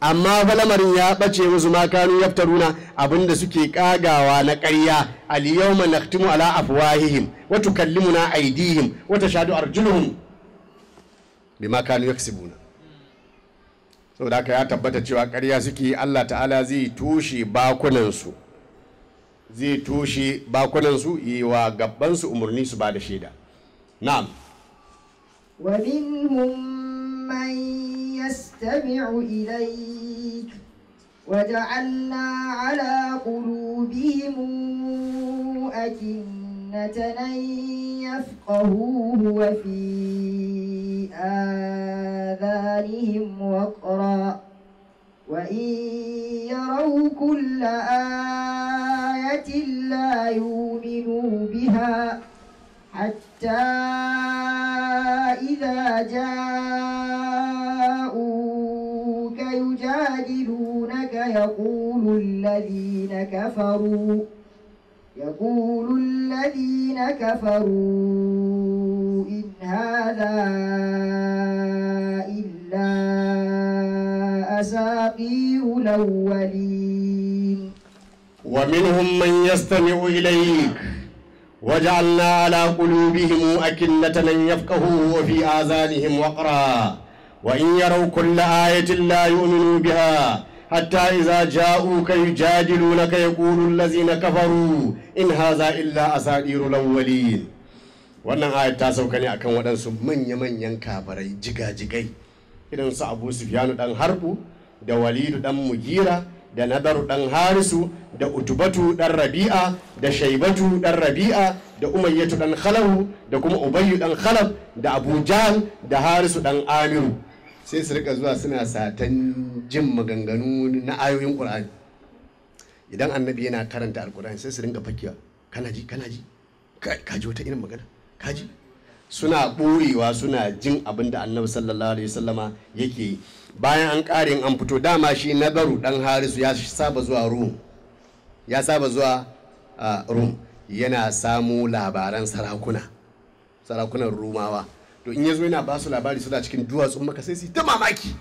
amma fa ya bace musu ma kanu yaftaruna abinda suke kagawa na ƙarya al yawma nakhtimu ala afwahihim wa tukallimuna aydihim wa tashhadu arjuluhum bima kanu yaksibuna saboda haka ya tabbata cewa karya suke Allah ta'ala zai tushe bakunansu zai tushe bakunansu yi wa gabansu umarni su ba da shaida na'am ومنهم من يستمع إليك وجعلنا على قلوبهم أكنة سنة أن يفقهوه وفي آذانهم وقرا وإن يروا كل آية لا يؤمنوا بها حتى إذا جاءوك يجادلونك يقول الذين كفروا يقول الذين كفروا إن هذا إلا أساقير الأولين ومنهم من يستمع إليك وجعلنا على قلوبهم أكلة أن يفقهوه وفي آذانهم وقرا وإن يروا كل آية لا يؤمنوا بها حتى إذا جاءوك يجادلونك يقول الذين كفروا إن هذا إلا أساطير الأولين wannan ayat ta sauka ne akan waɗansu manya-manyan kabarai jiga-jigai su abu sufyanu ɗan harbu da walidu ɗan mugira da nadaru ɗan harisu da utubatu ɗan rabi'a da shaibatu ɗan rabi'a da umayyatu ɗan khalahu da kuma ubayyu ɗan khalab da abu da harisu ɗan amiru sai su rika zuwa suna satan jin maganganu na ayoyin ƙur'ani idan annabi yana karanta alƙur'ani sai su ringa fakewa kana ji kana ji ka ji wata irin magana ka ji suna ɓoyewa suna jin abin da annabi sallallahu alaihi wasallama yake yi bayan an ƙare an fito dama shi na nazaru dan harisu ya saba zuwa rum ya saba zuwa ah, rum yana samu labaran sarakuna sarakunan rumawa to in ya zo yana ba su labari suna cikin duwatsun maka sai su ta mamaki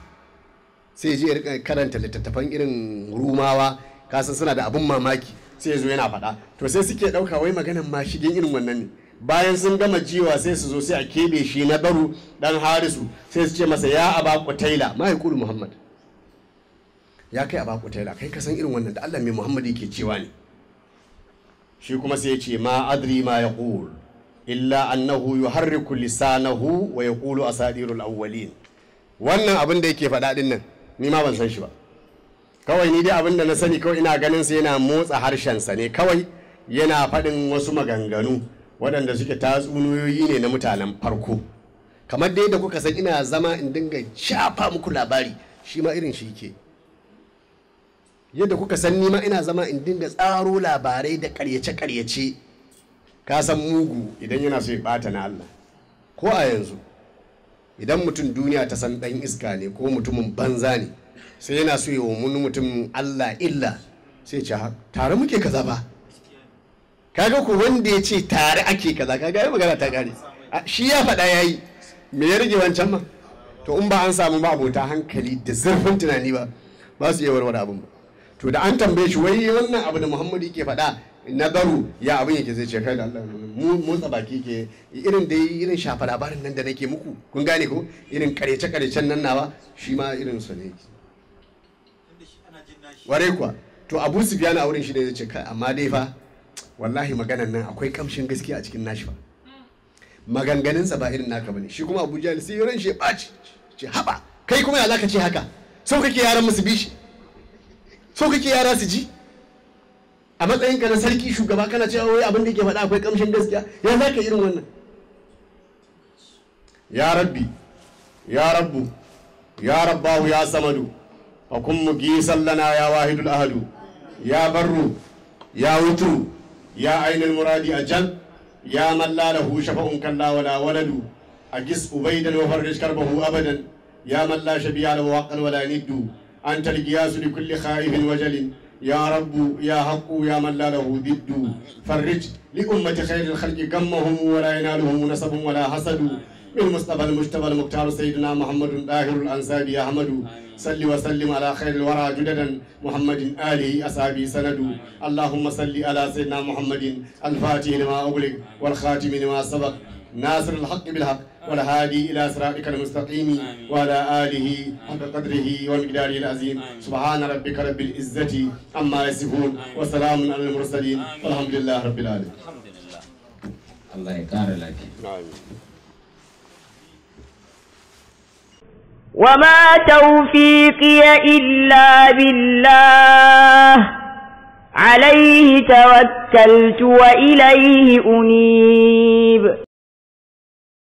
sai je rika karanta littattafan irin rumawa kasan suna da abun mamaki sai zo yana faɗa to sai suke ɗauka wai maganan ma shigen irin wannan ne bayan sun gama jiwa sai su zo sai a keɓe shi na baro dan harisu sai su ce masa ya aba kutaila mai kulu muhammad ya kai aba kutaila kai kasan irin wannan da allah mai muhammad yake cewa ne shi kuma sai ya ce ma adri ma ya illa annahu yuharriku lisanahu wa yaqulu asadirul awwalin wannan abin da yake faɗa din nan ni ma ban san shi ba kawai ni dai abin da na sani kawai ina ganin sa yana motsa harshen sa ne kawai yana faɗin wasu maganganu waɗanda suke tatsuniyoyi ne na mutanen farko kamar dai da kuka san ina zama in dinga shafa muku labari shi ma irin shi yake. yadda kuka san ni ma ina zama in dinga tsaro labarai da karyace-karyace ka san mugu idan yana so ya bata na Allah ko a yanzu idan mutum duniya ta san dan iska ne ko mutumin banza ne sai yana so ya wani mutum Allah illa sai ce tare muke kaza ba kaga ku wanda ya ce tare ake kaza kaga ya magana ta kare shi ya faɗa ya yi me ya rage wancan ma to in ba an samu ba abota hankali da zurfin tunani ba ba su iya warware abin ba to da an tambaye shi wai wannan abu da muhammadu ke faɗa garu ya abin yake zai ce kai da Allah mu motsa baki ke irin dai irin shafa labarin nan da nake muku kun gane ko irin karece karecen nan nawa shi ma irin su ne ware kuwa to Abu Sufyan a wurin shi ne zai ce kai amma dai fa wallahi maganan nan akwai kamshin gaskiya a cikin nashi fa maganganin sa ba irin naka bane shi kuma Abu Jahl sai ran shi ya baci ce haba kai kuma ya zaka ce haka so kake yaran musu bishi so kake yara su ji a matsayin ka na sarki shugaba kana cewa wai abin da ke faɗa akwai kamshin gaskiya ya za ka irin wannan ya rabbi ya rabbu ya rabbahu ya samadu hukum mugisan lana ya wahidul ahadu ya barru ya wutu ya ainul muradi ajal ya man la lahu shafa'un kalla wala waladu أجس أبيدا وفرج كربه أبدا يا من لا شبيه wala niddu an ند أنت القياس لكل خائف wajalin. يا رب يا حق يا من لا له ضد فرج لأمة خير الخلق غمهم ولا ينالهم نسب ولا حسد بالمصطفى المجتبى المختار سيدنا محمد داهر الأنساب يا أحمد صل وسلم على خير الورى جددا محمد آله أصحابه سند اللهم صل على سيدنا محمد الفاتح لما أغلق والخاتم لما سبق ناصر الحق بالحق والهادي إلى صراطك المستقيم وعلى آله حق قدره والمقدار العظيم سبحان ربك رب العزة عما يصفون وسلام على المرسلين والحمد لله رب العالمين الحمد لله الله يكار لك نعم. وما توفيقي إلا بالله عليه توكلت وإليه أنيب